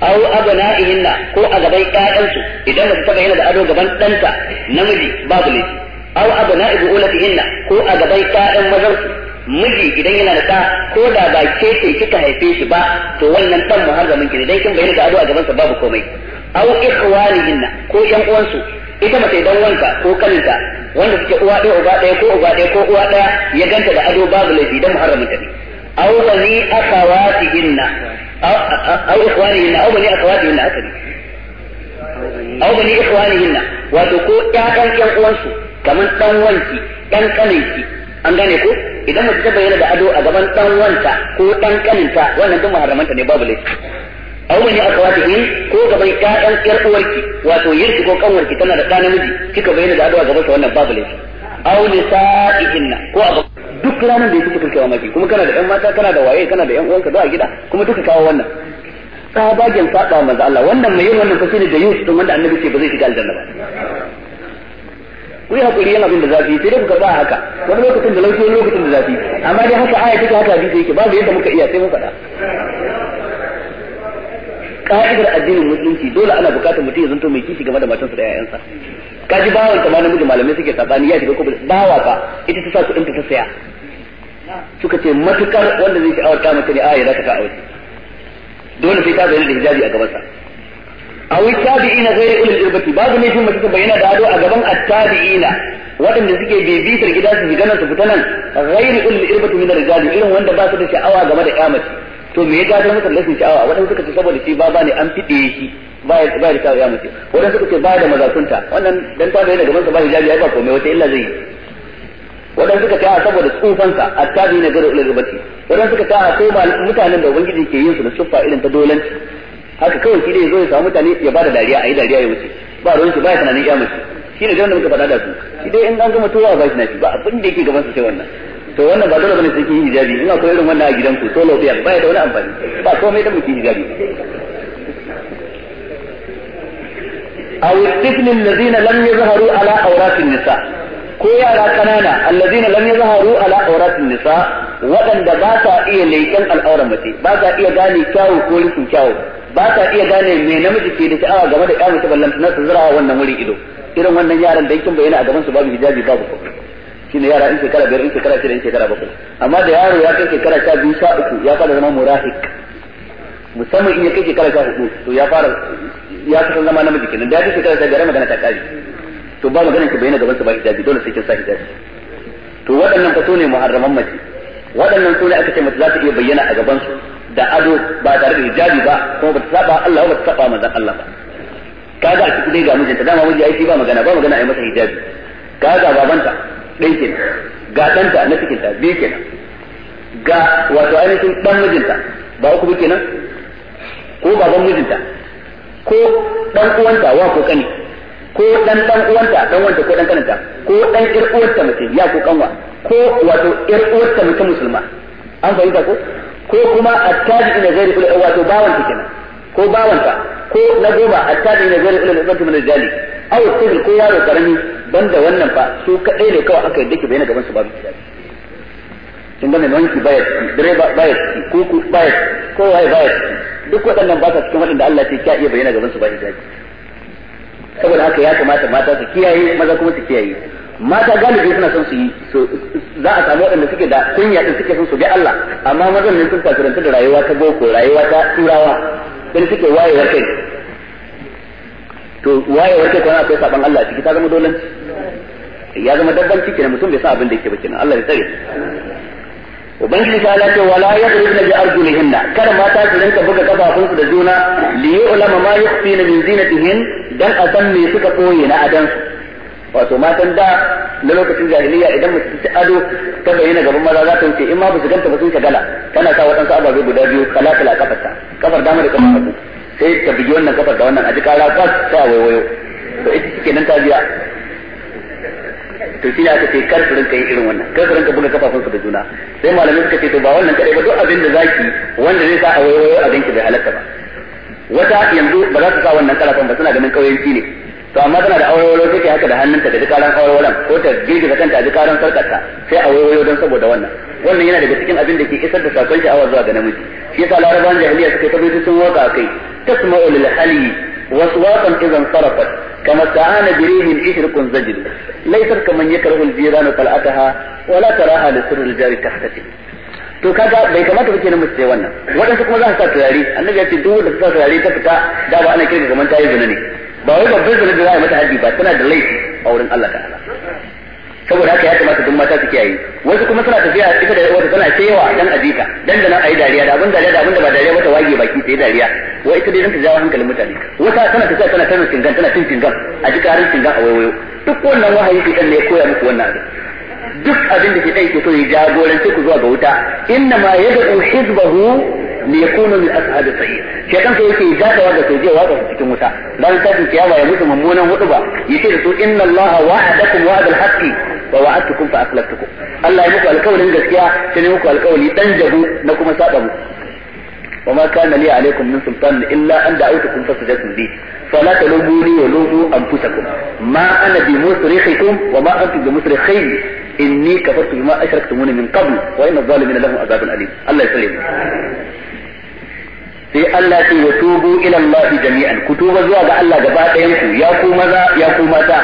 aw abna'ihin ko a gaban ƴaƴansu idan su ta bayyana da adar gaban danta namiji babu ne aw abna'i hinna ko a gaban ƴaƴan mazan miji idan yana da ɗa ko da ba ke ce kika haife shi ba to wannan dan muharramin ki ne dai kin bayyana ga ado a gaban sa babu komai aw ikhwanihinna ko ƴan uwansu ita mace dan wanka ko kanta wanda suke uwa ɗaya uba ɗaya ko uba ɗaya ko uwa ɗaya ya ganta da ado babu laifi dan muharramin ta ne aw bani akhawatihinna aw ikhwanihinna aw bani akhawatihinna aw bani ikhwanihinna wato ko ƴaƴan ƴan uwansu kamar dan wanki dan kaninki an gane ku idan mutum ta bayyana da ado a gaban dan wanta ko dan kaninta wannan duk muharramanta ne babu laifi aw ne aka wata in ko gaban ƴaƴan ƴar uwarki wato yirki ko kanwarki tana da ɗan namiji kika bayyana da ado a gaban sa wannan babu laifi aw nisa'ihinna ko a duk ranar da yake kuka kawo maki kuma kana da ƴan mata kana da waye kana da ƴan uwanka zuwa gida kuma duka kawo wannan tsabagen saba manzo Allah wannan mai yin wannan fasili da Yusuf wanda annabi ce ba zai shiga aljanna ba ku yi hakuri yin abin da zafi sai dai ku karba haka wani lokacin da lauki wani lokacin da zafi amma dai haka aya take haka hadisi yake babu yadda muka iya sai mun faɗa
ka'idar addinin musulunci
dole ana bukatar mutum ya zanto mai kishi game da matansa da 'ya'yansa kaji bawa ta ma namiji malamai suke sabani ya shiga kuma bawa ka ita ta sa kuɗin ta saya suka ce matukar wanda zai sha'awar ta mace ne a ya zaka ta aure dole sai ta zai da hijabi a gabansa aw tabi'ina ghayr ulil irbati babu ne shi mace bayyana da ado a gaban at-tabi'ina waɗanda suke bibitar gida su gidan su fita nan ghayr ulil irbati min ar-rijali irin wanda ba su da sha'awa game da yamati to me ya gadar masa rashin sha'awa waɗanda suka ce saboda shi baba ne an fiɗe shi ba ya ba ya sha'awa mace waɗanda suka ce ba da mazakunta wannan dan ta bayyana gaban sa ba hijabi ya ba komai wata illa zai yi waɗanda suka ce saboda tsufansa at-tabi'ina ghayr ulil irbati waɗanda suka ce a sai mutanen da ubangiji ke yin su da suffa irin ta dolanci haka kawai shi ne zo ya samu mutane ya bada dariya a yi dariya ya wuce ba ruwan shi ba ya tunanin ya mutu shi ne da muka faɗa da su shi dai in an gama towa ba shi na shi ba abin da yake gaban su sai wannan to wannan ba dole bane sai kin hijabi ina koyar da wannan a gidanku solo biya ba ya da wani amfani ba komai da muke hijabi أو الطفل الذين لم يظهروا على عورات النساء ko yara kanana allazina lam yazharu ala awratin nisa wadanda ba sa iya leƙen al'auran mace ba sa iya gane kyawu ko rikin ba ta iya gane me namiji ke da ta'awa game da ƙyamata ballan na su zira wannan wuri ido irin wannan yaran da yakin bayyana a gaban su babu hijabi babu ko shine yara in shekara biyar in shekara shida in shekara bakwai amma da yaro ya kai shekara sha biyu sha uku ya fara zama murahik musamman in ya kai shekara sha hudu to ya fara ya kusan zama namiji kenan da ya kai shekara sha biyar magana ta kare to ba magana ki bayyana gaban su ba hijabi dole sai kin sa hijabi to waɗannan fa ne muharraman mace waɗannan su ne aka ce mace za ta iya bayyana a gaban su da ado ba tare da hijabi ba kuma ba ta saba Allah ba ta saba manzon Allah ba kaga a cikin ga mijinta dama wajen ai ba magana ba magana ai masa hijabi kaga babanta dai kenan ga danta na cikin ta biyu kenan ga wato ainihin dan mijinta ba uku kenan ko baban mijinta ko dan uwanta wa ko kani ko dan dan uwanta dan wanta ko dan kananta ko dan ir uwanta mace ya ko kanwa ko wato ir uwanta mace musulma an fahimta ko ko kuma attabi ina gari ulul wato bawan ta kenan ko bawan ta ko na goma attabi ina gari ulul ibadu min jali aw sirri ko yaro karami banda wannan fa su kadai ne kawai aka yadda ke gaban su babu kitabi kin gane nan ki bayar direba bayar ko ku bayar ko wai bayar duk waɗannan ba sa cikin waɗanda Allah ya iya bayyana gaban su ba hijabi saboda haka ya kamata mata su kiyaye maza kuma su kiyaye
mata galibi suna
son su yi za a samu waɗanda suke da kunya din suke son su bi Allah amma mazan ne sun kafirantu da rayuwa ta boko rayuwa ta turawa din suke wayewar warke. to wayewar kai kuma akwai saban Allah ciki ta zama dole ya zama dabban ciki na mutum bai sa abin da yake ba kenan Allah ya tsare ubangiji ta ala ce wala na bi arjulihinna kada mata su rinka buga kafafunsu da juna liyo yu'lama ma yukhfina min zinatihin dan a san me suka koye na adansu wato matan da na lokacin jahiliya idan mutum ta ado ta bayyana gaban maza za ta wuce in ma ba su ganta ba sun shagala tana sa waɗansu ababe guda biyu kala kala kafarta kafar dama da kafar hagu sai ta bugi wannan kafar da wannan a ji kara kas ta waiwayo to ita ce nan ta biya to shi ne aka ce kar su rinka yin irin wannan kar su rinka buga kafafun su da juna sai malamai suka ce to ba wannan kadai ba duk abin da zaki wanda zai sa a waiwayo a ganki bai halatta ba wata yanzu ba za su sa wannan kalafan ba suna ganin kauyanci ne to amma tana da awarwaro take haka da hannunta da jikaran awarwaron ko ta girgiza kanta a jikaran sarkarta sai awarwaro don saboda wannan wannan yana daga cikin abin da ke isar da sakon sha'awa zuwa ga namiji shi yasa larabawan jahiliya suke tabbatar sun waka kai tasma'u lil hali waswaqan idan sarafat kama ta'ana birihin ishrikun zajil laysar kaman yakrahu al jiran qal'ataha wala la taraha li sirri al jari tahtati to kaga bai kamata kake namiji sai wannan wadansu kuma za su sa turare annabi ya ce duk wanda su sa turare ta fita da ba ana kirga kaman tayi zina ne ba wai babbar zina da za a mata haddi ba tana da laifi a wurin Allah ta'ala saboda haka ya kamata duk mata su kiyaye wasu kuma suna tafiya ita da wata tana cewa dan ajita dan da nan ayi dariya da abin dariya da abin da ba dariya mata waje baki sai dariya wai ita dai dan jawo hankalin mutane wata tana tafiya tana tana cingan tana cin cingan a ji karin cingan a wayoyo duk wannan wahayi ke ne ya koya muku wannan abin duk abin da ke dai ke so ya jagorance ku zuwa ga wuta inna ma yad'u hizbahu ya yakunu min ashabi sa'ir shekan sai yake ga da sojewa ga cikin wuta dan sai kiyama ya mutu mummunan hudu ba yace da su inna allaha wa'adakum wa'adal haqqi wa wa'adtukum fa akhlaftukum Allah ya muku alƙawarin gaskiya sai muku alƙawari dan jabu na kuma saba mu وما كان لي عليكم من سلطان إلا أن دعوتكم فاستجبتم لي فلا تلوموني ولوموا أنفسكم ما أنا بمصرخكم وما أنتم بمصرخين inni kafartu bima ashraktumuni min qabl wa inna zalimin lahum azabun alim Allah ya sallame sai Allah ce wa tubu ila Allah jami'an ku tuba zuwa ga Allah gaba ɗayan ku ya ku maza ya ku mata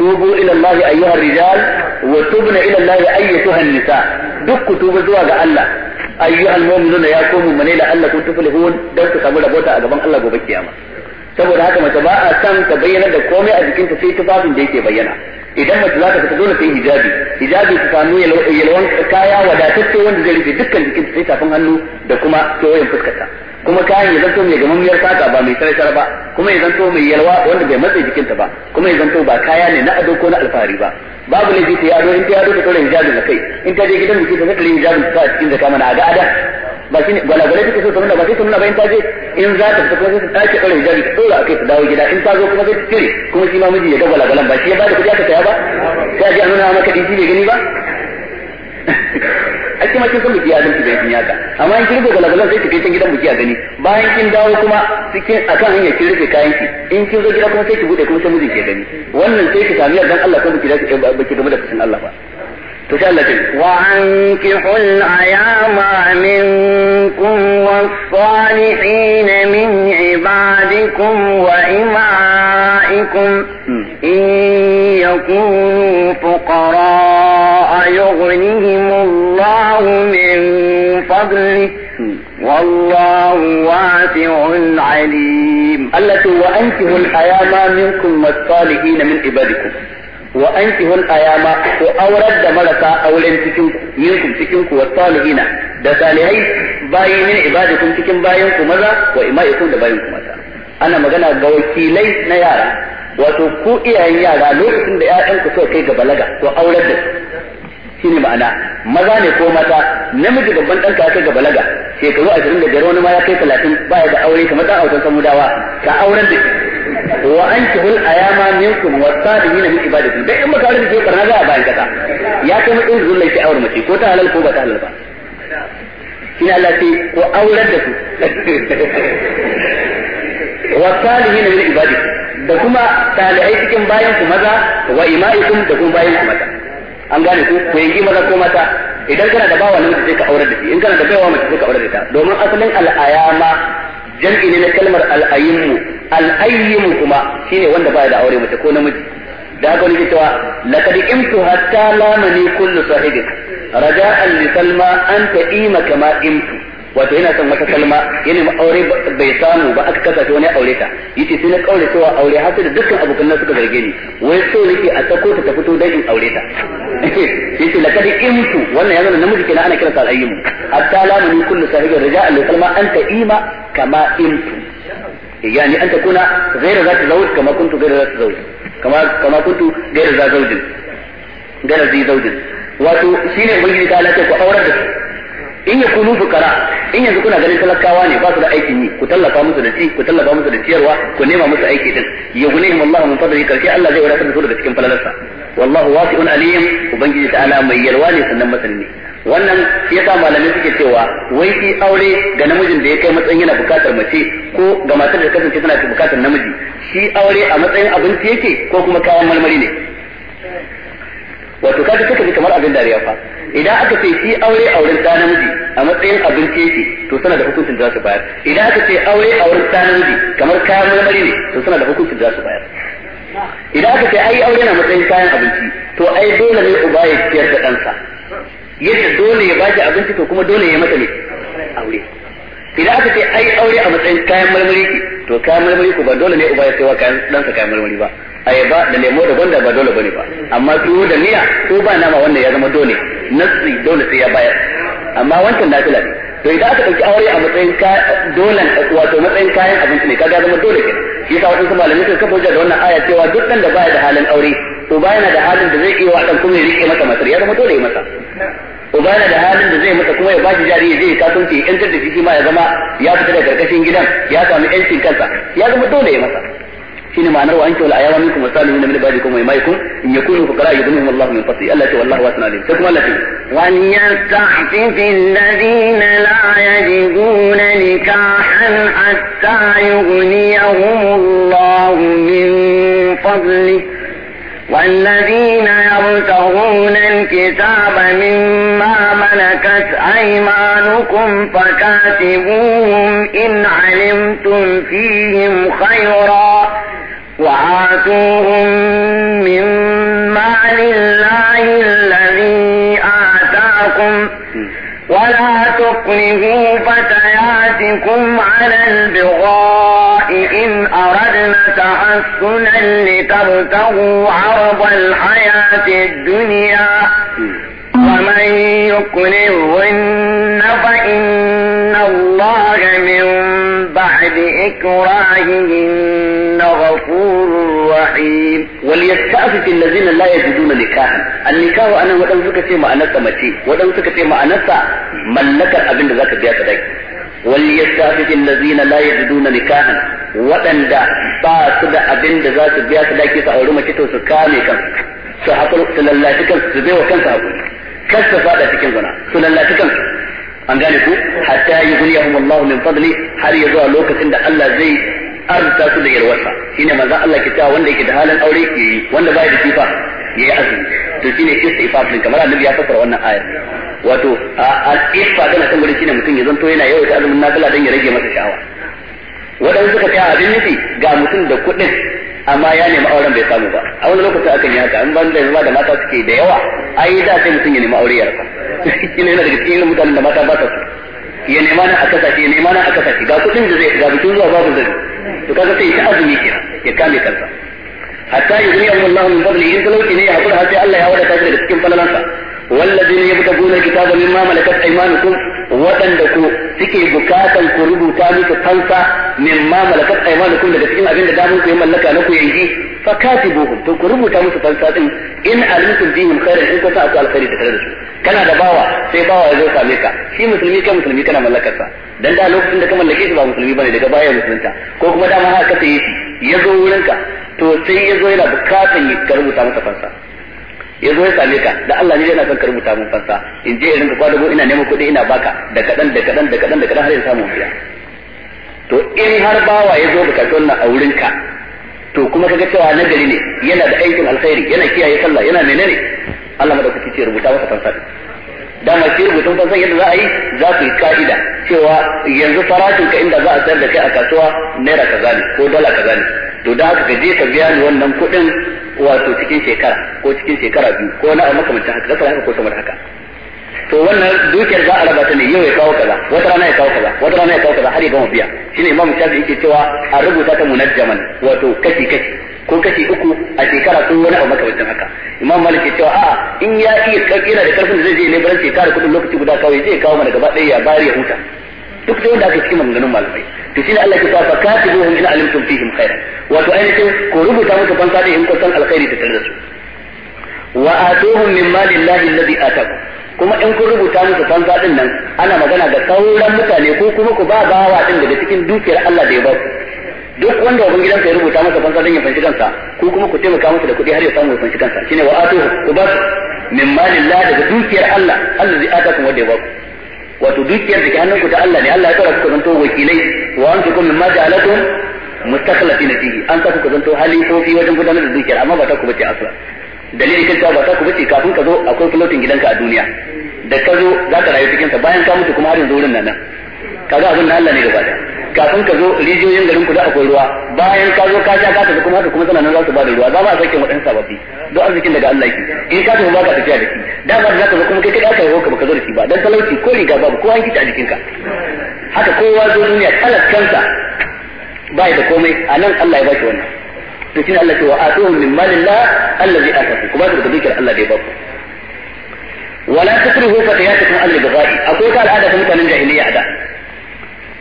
tubu ila Allah ayyuha rijal wa tubna ila Allah ayyatuha nisa duk ku tuba zuwa ga Allah ayyuha almu'minuna ya ku mu'mine la Allah kun tuflihun dan ku samu rabota a gaban Allah gobe kiyama saboda haka mace ba a san ka bayyana da komai a jikinta sai tufafin da yake bayyana idan mace za ta fita dole sai hijabi hijabi ta samu yalwan kaya wadatacce wanda zai rufe dukkan jikin sai tafin hannu da kuma kewayen fuskata kuma kayan ya zanto mai gamammiyar saka ba mai tare ba kuma ya zanto mai yalwa wanda bai matsa jikinta ba kuma ya zanto ba kaya ne na ado ko na alfahari ba babu laifi ta yaro in ta yaro ta tsoron hijabin da kai in ta je gidan biki ta zakarin hijabin ta cikin zaka mana a ga ada ba shi ne gwalagwalai take so ta nuna ba sai ta nuna ba in ta je in za ta fita kuma sai ta tashi tsoron hijabi ta tsora a kai ta dawo gida in ta zo kuma sai ta cire kuma shi ma miji ya ga gwalagwalan ba shi ya ba da kuɗi aka saya ba ta a je a nuna maka ɗin shi bai gani ba a kima kin san biki adalci da kin yaka amma in kirgo galagalan sai ki kai gidan biki a gani bayan kin dawo kuma cikin akan hanyar kin rufe kayan ki in kin zo gida kuma sai ki bude kuma sai mijin ke gani wannan sai ki sami yardan Allah kuma ki da ki game da cikin Allah ba to
sai Allah ce wa ankihul ayama minkum was-salihin min ibadikum wa imaikum hmm. in yakunu fuqara يغنيهم الله من فضله والله واسع عليم التي وأنتم الأيام
منكم والصالحين من عبادكم وأنتم الأيام وأورد مرسى أولين تكنكم منكم تكنكم والصالحين da salihai bayi min ibadakum cikin bayan ku maza wa ima'ikum da bayan ku mata ana magana ga wakilai na yara wato ku iyayen yara lokacin da 'ya'yanku suka kai ga balaga to aurar da su shine ma'ana maza ne ko mata namiji babban dan ka kai ga balaga shekaru ashirin da biyar wani ma ya kai talatin baya da aure kamar ɗan autan samudawa ka auren da wa an kihul ayama minkum wa sadiqina min ibadati dan in ma aure da ke karna za a bayan kasa ya kai matsayin zulai ki aure mace ko ta halal ko ba ta halal ba shine Allah ce ko auren da su
wa sadiqina min ibadati da kuma talai cikin bayan ku maza wa ima'ikum da kuma bayan ku mata
an gane ku ku yanki maza ko mata idan kana da bawa namiji sai ka aurar da shi in kana da baiwa mace sai ka aurar da ita domin asalin al'ayama jam'i ne na kalmar al'ayyimu al'ayyimu kuma shine wanda baya da aure mace ko namiji da haka wani cewa laqad imtu hatta lamani kullu sahibik raja'an li salma anta ima kama imtu wato yana son wata kalma yana ma aure bai samu ba aka kasa wani aure ta yace sai na kaure cewa aure har sai da dukkan abokan na suka zarge ni wai so nake a sako ta ta fito dai in aure ta yace laqad imtu wannan ya zama namiji kenan ana kiransa al-ayyim hatta la mun kullu sahibi rija'an li kalma anta ima kama imtu eh, yani an takuna ghayra zati zawj kama kuntu ghayra zati zawj kama kama kuntu ghayra zati zawj ghayra zati zawj wato shine ubangiji ta Allah ce ku aurar da in ya kunu fukara in yanzu kuna ganin talakawa ne ba su da aikin yi ku tallafa musu da ci ku tallafa musu da ciyarwa ku nema musu aiki din ya gunihim Allah min fadari karshe Allah zai wadatar da su daga cikin falalarsa wallahu wasi'un alim ubangiji ta'ala mai yalwa ne sannan masani wannan yasa malamai suke cewa wai shi aure ga namijin da ya kai matsayin yana bukatar mace ko ga matar da kasance tana bukatar namiji shi aure a matsayin abinci yake ko kuma kayan marmari ne wato kaji suka ji kamar abin dariya fa idan aka ce shi aure auren ɗa namiji a matsayin abinci yake to suna da hukuncin da za su bayar idan aka ce aure auren ɗa namiji kamar kayan marmari ne to suna da hukuncin da za su bayar
idan aka ce ai aure na matsayin kayan abinci to ai dole ne uba ya ciyar da
ɗansa yadda dole ya baki abinci to kuma dole ya mata ne aure
idan aka ce ai aure a matsayin kayan marmari
to kayan marmari ko ba dole ne uba ya sayawa kayan ɗansa kayan marmari ba ayaba da lemo da gwanda ba dole bane ba amma tuwo da miya ko ba nama wannan ya zama dole nasi dole sai ya bayar amma wancan nafila ne to idan aka dauki aure a matsayin ka dolan wato matsayin kayan abinci ne kaga zama dole ke shi yasa wasu malamai suka kafa da wannan aya cewa duk dan da baya da halin aure ba yana da halin da zai iya wa dan kuma ya rike masa masar ya zama dole ya masa uba yana da halin da zai masa kuma ya ba shi jari ya je ya kasance ya yantar da shi ma ya zama ya fita da karkashin gidan ya samu yancin kansa ya zama dole ya masa shine ma'anar wa anke wal ayawa minkum wasalihina min ibadikum wa imaikum in yakunu fuqara yudhunhum Allahu min fadli Allah wallahu wasi'un alim sai kuma
Allah ce wal yastahfifi alladhina la yajiduna nikahan hatta yughniyahum Allahu min fadlihi والذين يبتغون الكتاب مما ملكت أيمانكم فكاتبوهم إن علمتم فيهم خيرا وآتوهم من مال الله الذي آتاكم ولا تكرهوا فتياتكم على البغاء إن أردنا تحسنا لترتغوا عرض الحياة الدنيا ومن يكرهن فإن الله من بعد إكراههن غفور
رحيم وليستعفف الذين لا يجدون نكاحا النكاح أنا ودن سكتي ما أنسى متي ودن سكتي ما أنسى ملكة أبن ذاك بيات ذاك وليستعفف الذين لا يجدون نكاحا ودن دا باسد أبن ذاك بيات ذاك فأولوما كتو سكامي كم su haƙar su lallaci kansu su bai wa kansu haƙuri kar su fada cikin zina su lallaci kansu an gane ku hatta yughniyahum Allah min fadli har ya zuwa lokacin da Allah zai arzuta su da yarwarsa shine manzo Allah ke cewa wanda yake da halin aure yayi wanda bai da sifa yi azumi to shine istighfar din kamar annabi ya fassara wannan ayar wato al-ifa da kan gurin shine mutum ya zanto yana yawaita azumin nafila dan ya rage masa sha'awa wadansu suka ce abin nufi ga mutum da kuɗin amma ya nemi auren bai samu ba a wani lokacin akan yi haka an ban da zuwa da mata suke da yawa ai da sai mutum ya nemi aure ya rasa shi ne daga cikin mutanen da mata ba ta su ya nema na a sashi ya nema na a sashi ga kudin da zai ga bikin zuwa babu zai to kaga sai ya azumi ke ya kame kansa hatta yuzni Allah min fadli in talauci ne ya hakura sai Allah ya wada ta daga cikin falalansa والذين يبتغون الكتاب مما ملكت ايمانكم waɗanda ku suke bukatan ku rubuta musu fansa min ma malakat aymanukum daga cikin abin da damu ku yi mallaka na ku yanzu fa katibuhum to ku rubuta musu fansa din in alimtum bihim khairan in kunta aku alkhairi da tare da su
kana da bawa sai bawa ya zo same
ka shi musulmi ka musulmi kana mallakar sa dan da lokacin da ka mallake shi ba musulmi bane daga baya musulunta ko kuma dama haka sai ya zo wurinka to sai ya zo yana bukatan ka rubuta masa fansa ya zo ya same ka da Allah ne yana son ka rubuta mun fansa in je irin ka kwadago ina neman kuɗi ina baka da kadan da kadan da kadan da kadan har ya samu biya to in har bawa ya zo buƙatu wannan a wurin ka to kuma kaga cewa na gari ne yana da aikin alkhairi yana kiyaye sallah yana menene Allah madaukaki ce rubuta masa fansa ma shi rubutun fansa yadda za a yi za ku yi ka'ida cewa yanzu farashin ka inda za a sayar da kai a kasuwa naira kaza ne ko dala kaza ne to da haka ka je ka biya ni wannan kuɗin wato cikin shekara ko cikin shekara biyu ko na makamancin haka kasar haka ko da haka to wannan dukiyar za a raba ta ne yau ya kawo kaza wata rana ya kawo kaza wata rana ya kawo kaza har ya gama biya shine imam shafi yake cewa a rubuta ta munajjaman wato kashi kashi ko kashi uku a shekara sun wani abu makamancin haka imam malik ya cewa a in ya iya kira da karfin da zai je ne baran shekara kudin lokaci guda kawai zai kawo mana gaba ɗaya ya bari ya huta duk da wanda aka cikin maganganun malamai to Allah ya sa fa katibuhum in alimtum fihim khairan wato ainihin ko rubuta musu ban sadi in kun san alkhairi da tare da su wa atuhum min mali llahi alladhi ataku kuma in kun rubuta musu ban sadin nan ana magana ga sauran mutane ko kuma ku ba bawa din daga cikin dukiyar Allah da ya ba duk wanda abin gidan ya rubuta masa ban sadin ya fanci kansa ko kuma ku taimaka masa da kuɗi har ya samu ya fanci kansa shine wa atuhum ku ba min mali llahi daga dukiyar Allah alladhi atakum wanda ya ba ku wato dukiyar da ke hannunku ta Allah ne Allah ya tsara ku zanto wakilai wa an tukum mimma ja'alakum mustakhlifina fihi an ka ku zanto halifofi wajen gudanar da dukiyar amma ba ta ku bace asla dalilin kan ba ta ku bace kafin ka zo akwai floating gidanka a duniya da ka zo za ka rayu cikin sa bayan ka mutu kuma har yanzu wurin nan kaga abin na Allah ne gaba daya kafin ka zo rijiyoyin garin ku da akwai ruwa bayan ka zo ka sha ka tafi kuma haka kuma tana nan za su ba da ruwa za ba a sake waɗansu sababbi don arzikin daga Allah ki in ka tafi ba ka tafiya da shi da ba za ka zo kuma kai kai aka yi ka zo da shi ba dan talauci ko riga babu ko an kita a jikinka haka kowa zo duniya kalas kansa
bai da komai a nan Allah ya
baki wannan to ne Allah ce wa atuhum min malillah allazi ataku kuma da dukiyar Allah da ya baku wala tukrihu fatayatukum al-ghai akwai ka al'ada ta mutanen jahiliya da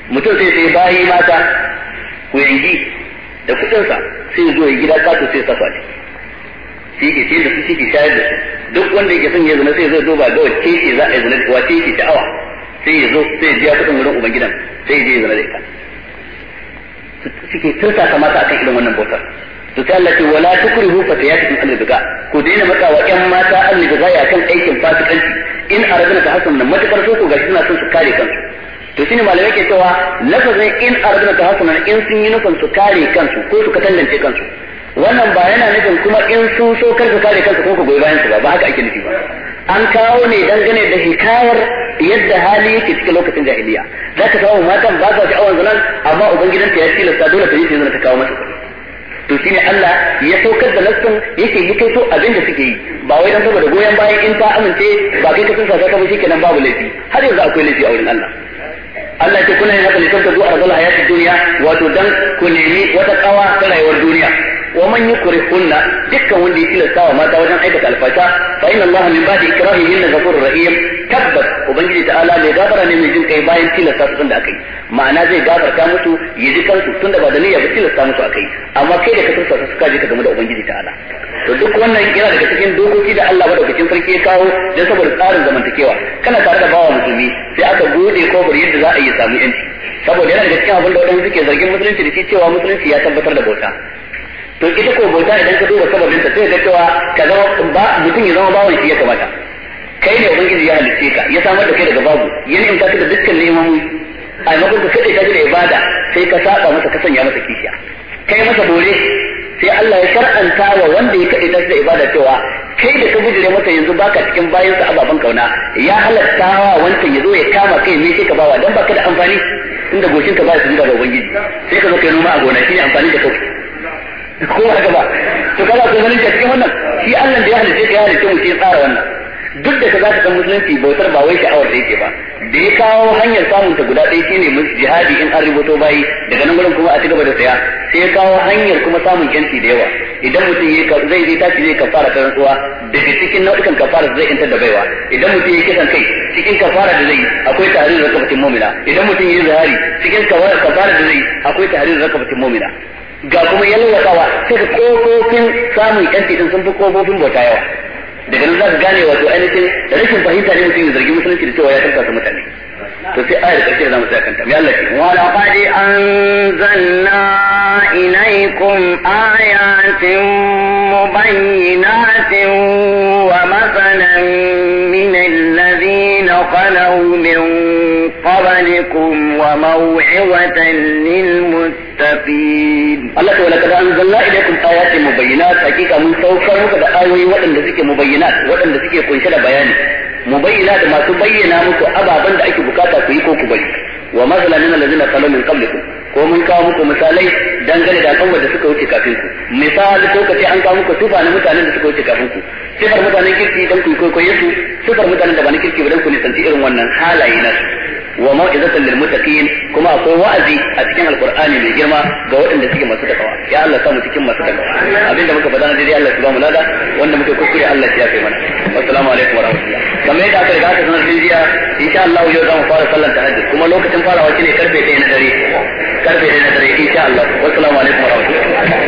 mutum sai sai bayi mata ku kuyangi da kudinsa sai zo ya gida kato sai safa ne shi ke ce da su shi ke shayar da su duk wanda yake son ya zuna sai zai zo ba ga wacce ce za a yi zuna da wacce ce sha'awa sai ya zo sai biya kudin wurin ubangidan sai ya je ya zina da ita suke tursa ta mata akan irin wannan bautar to sai Allah ce wala tukrihu fatayatikum an biga ku daina matsawa ƴan mata an biga ya kan aikin fasikanci in aradna ta hasan nan matakar so ku gashi suna son su kare kansu to shine malamai ke cewa lafazin in ta tahassunan in sun yi nufin su kare kansu ko su katallance kansu wannan ba yana nufin kuma in sun so kar su kare kansu ko ku goyi bayan su ba ba haka ake nufi ba an kawo ne dangane da hikayar yadda hali yake cikin lokacin jahiliya za ka kawo matan ba za sa sha'awar zanen amma ubangidanta ya tilasta dole ta yi zina ta kawo mata kuɗi to shine Allah ya saukar da nassin yake yi kai so abin da suke yi ba wai dan saboda goyon bayan in ta amince ba kai ka san ka ba kenan babu laifi har yanzu akwai laifi a wurin Allah
Allah ke kuna yin haka ne ta zuwa rabbul hayatid duniya wato dan ku nemi wata kawa ta rayuwar duniya wa man
yukrihunna dukkan wanda ya tilasta wa mata wajen aikata alfata fa inna Allah min ba'di inna ghafur rahim tabbas ubangiji ta'ala ne gabara ne mai jin kai bayan tilasta su da akai ma'ana zai gafarta musu ya ji kansu tunda ba da niyya ba tilasta musu akai amma kai da ka tilasta su ka ka game da ubangiji ta'ala to duk wannan yana daga cikin dokoki da Allah madaukakin sarki ya kawo don saboda tsarin zamantakewa kana tare da bawa musulmi sai aka gode kofar yadda za a yi samu yanci saboda yana daga cikin abin da wadanda suke zargin musulunci da shi cewa musulunci ya tabbatar da bauta to ita ko bauta idan ka duba sababin ta sai ka cewa ka zama ba mutum ya zama bawan shi ya kamata kai ne ubangiji ya halice ka ya samar da kai daga babu yana in ka da dukkan neman mu. a maimakon ka kaɗe ka da ibada sai ka saba masa ka sanya masa kishiya kai masa dole sai Allah ya shar'anta wa wanda ya kaɗe ta da ibada cewa kai da ka bijire masa yanzu baka cikin bayan sa ababan kauna ya halatta wa wancan ya zo ya kama kai me sai ka bawa dan baka da amfani inda goshin ka ba su da ubangiji sai ka zo kai noma a gona ne amfani da kai ko ba ba to kaga ko ganin cikin wannan shi Allah da ya halice ka ya halice mu shi tsara wannan duk da ka za ka san musulunci bautar ba wai sha'awar da yake ba da ya kawo hanyar samun ta guda ɗaya shine jihadi in an rubuto bayi daga nan gurin kuma a cigaba da saya sai ya kawo hanyar kuma samun kyanci da yawa idan mutum zai zai tashi zai kafara ta rantsuwa daga cikin nau'ikan kafara zai intar da baiwa idan mutum ya kisan kai cikin kafara da zai akwai tahrir rakabatin mu'mina idan mutum ya yi zahari cikin kafara da zai akwai tahrir rakabatin mu'mina ga kuma yalwatawa sai ka kofofin samun yanci din sun fi kofofin bauta yawa daga nan za ka gane wato ainihin rashin fahimta ne mutum ya zargi musulunci da cewa ya tantance mutane to sai ayar karshe da zamu tsaya kanta ya Allah ki wa
anzalna ilaykum ayatin mubayyinatin wa masalan min خلوا من قبلكم وموعظة للمتقين الله تعالى لقد أنزلنا إليكم آيات مبينات
حقيقة من سوكر مكد آوي وأن ذكي مبينات وأن يكون قنشل بياني مبينات ما تبين مكو أبا بند أيك بكاتا فيكو كبير ومثلا من الذين خلوا من قبلكم ko mun kawo muku misalai dangane da kan da suka wuce kafin ku misali ko kace an kawo muku tufa na mutanen da suka wuce kafin ku sifar mutanen kirki dan ku koyi su sifar mutanen da ba na kirki ba dan ku ci irin wannan halaye na su wa mau'izatan lil muttaqin kuma akwai wa'azi a cikin alqur'ani mai girma ga waɗanda suke masu takawa ya Allah samu cikin masu takawa abinda muka faɗa na dai Allah ya ba mu lada wanda muka kuskure Allah ya kai mana assalamu alaikum wa rahmatullah kamar yadda aka riga aka sanar din jiya insha Allah yau za mu fara sallar tahajjud kuma lokacin farawa shine karfe 1 na dare karfe 1 na dare insha Allah wassalamu alaikum wa rahmatullah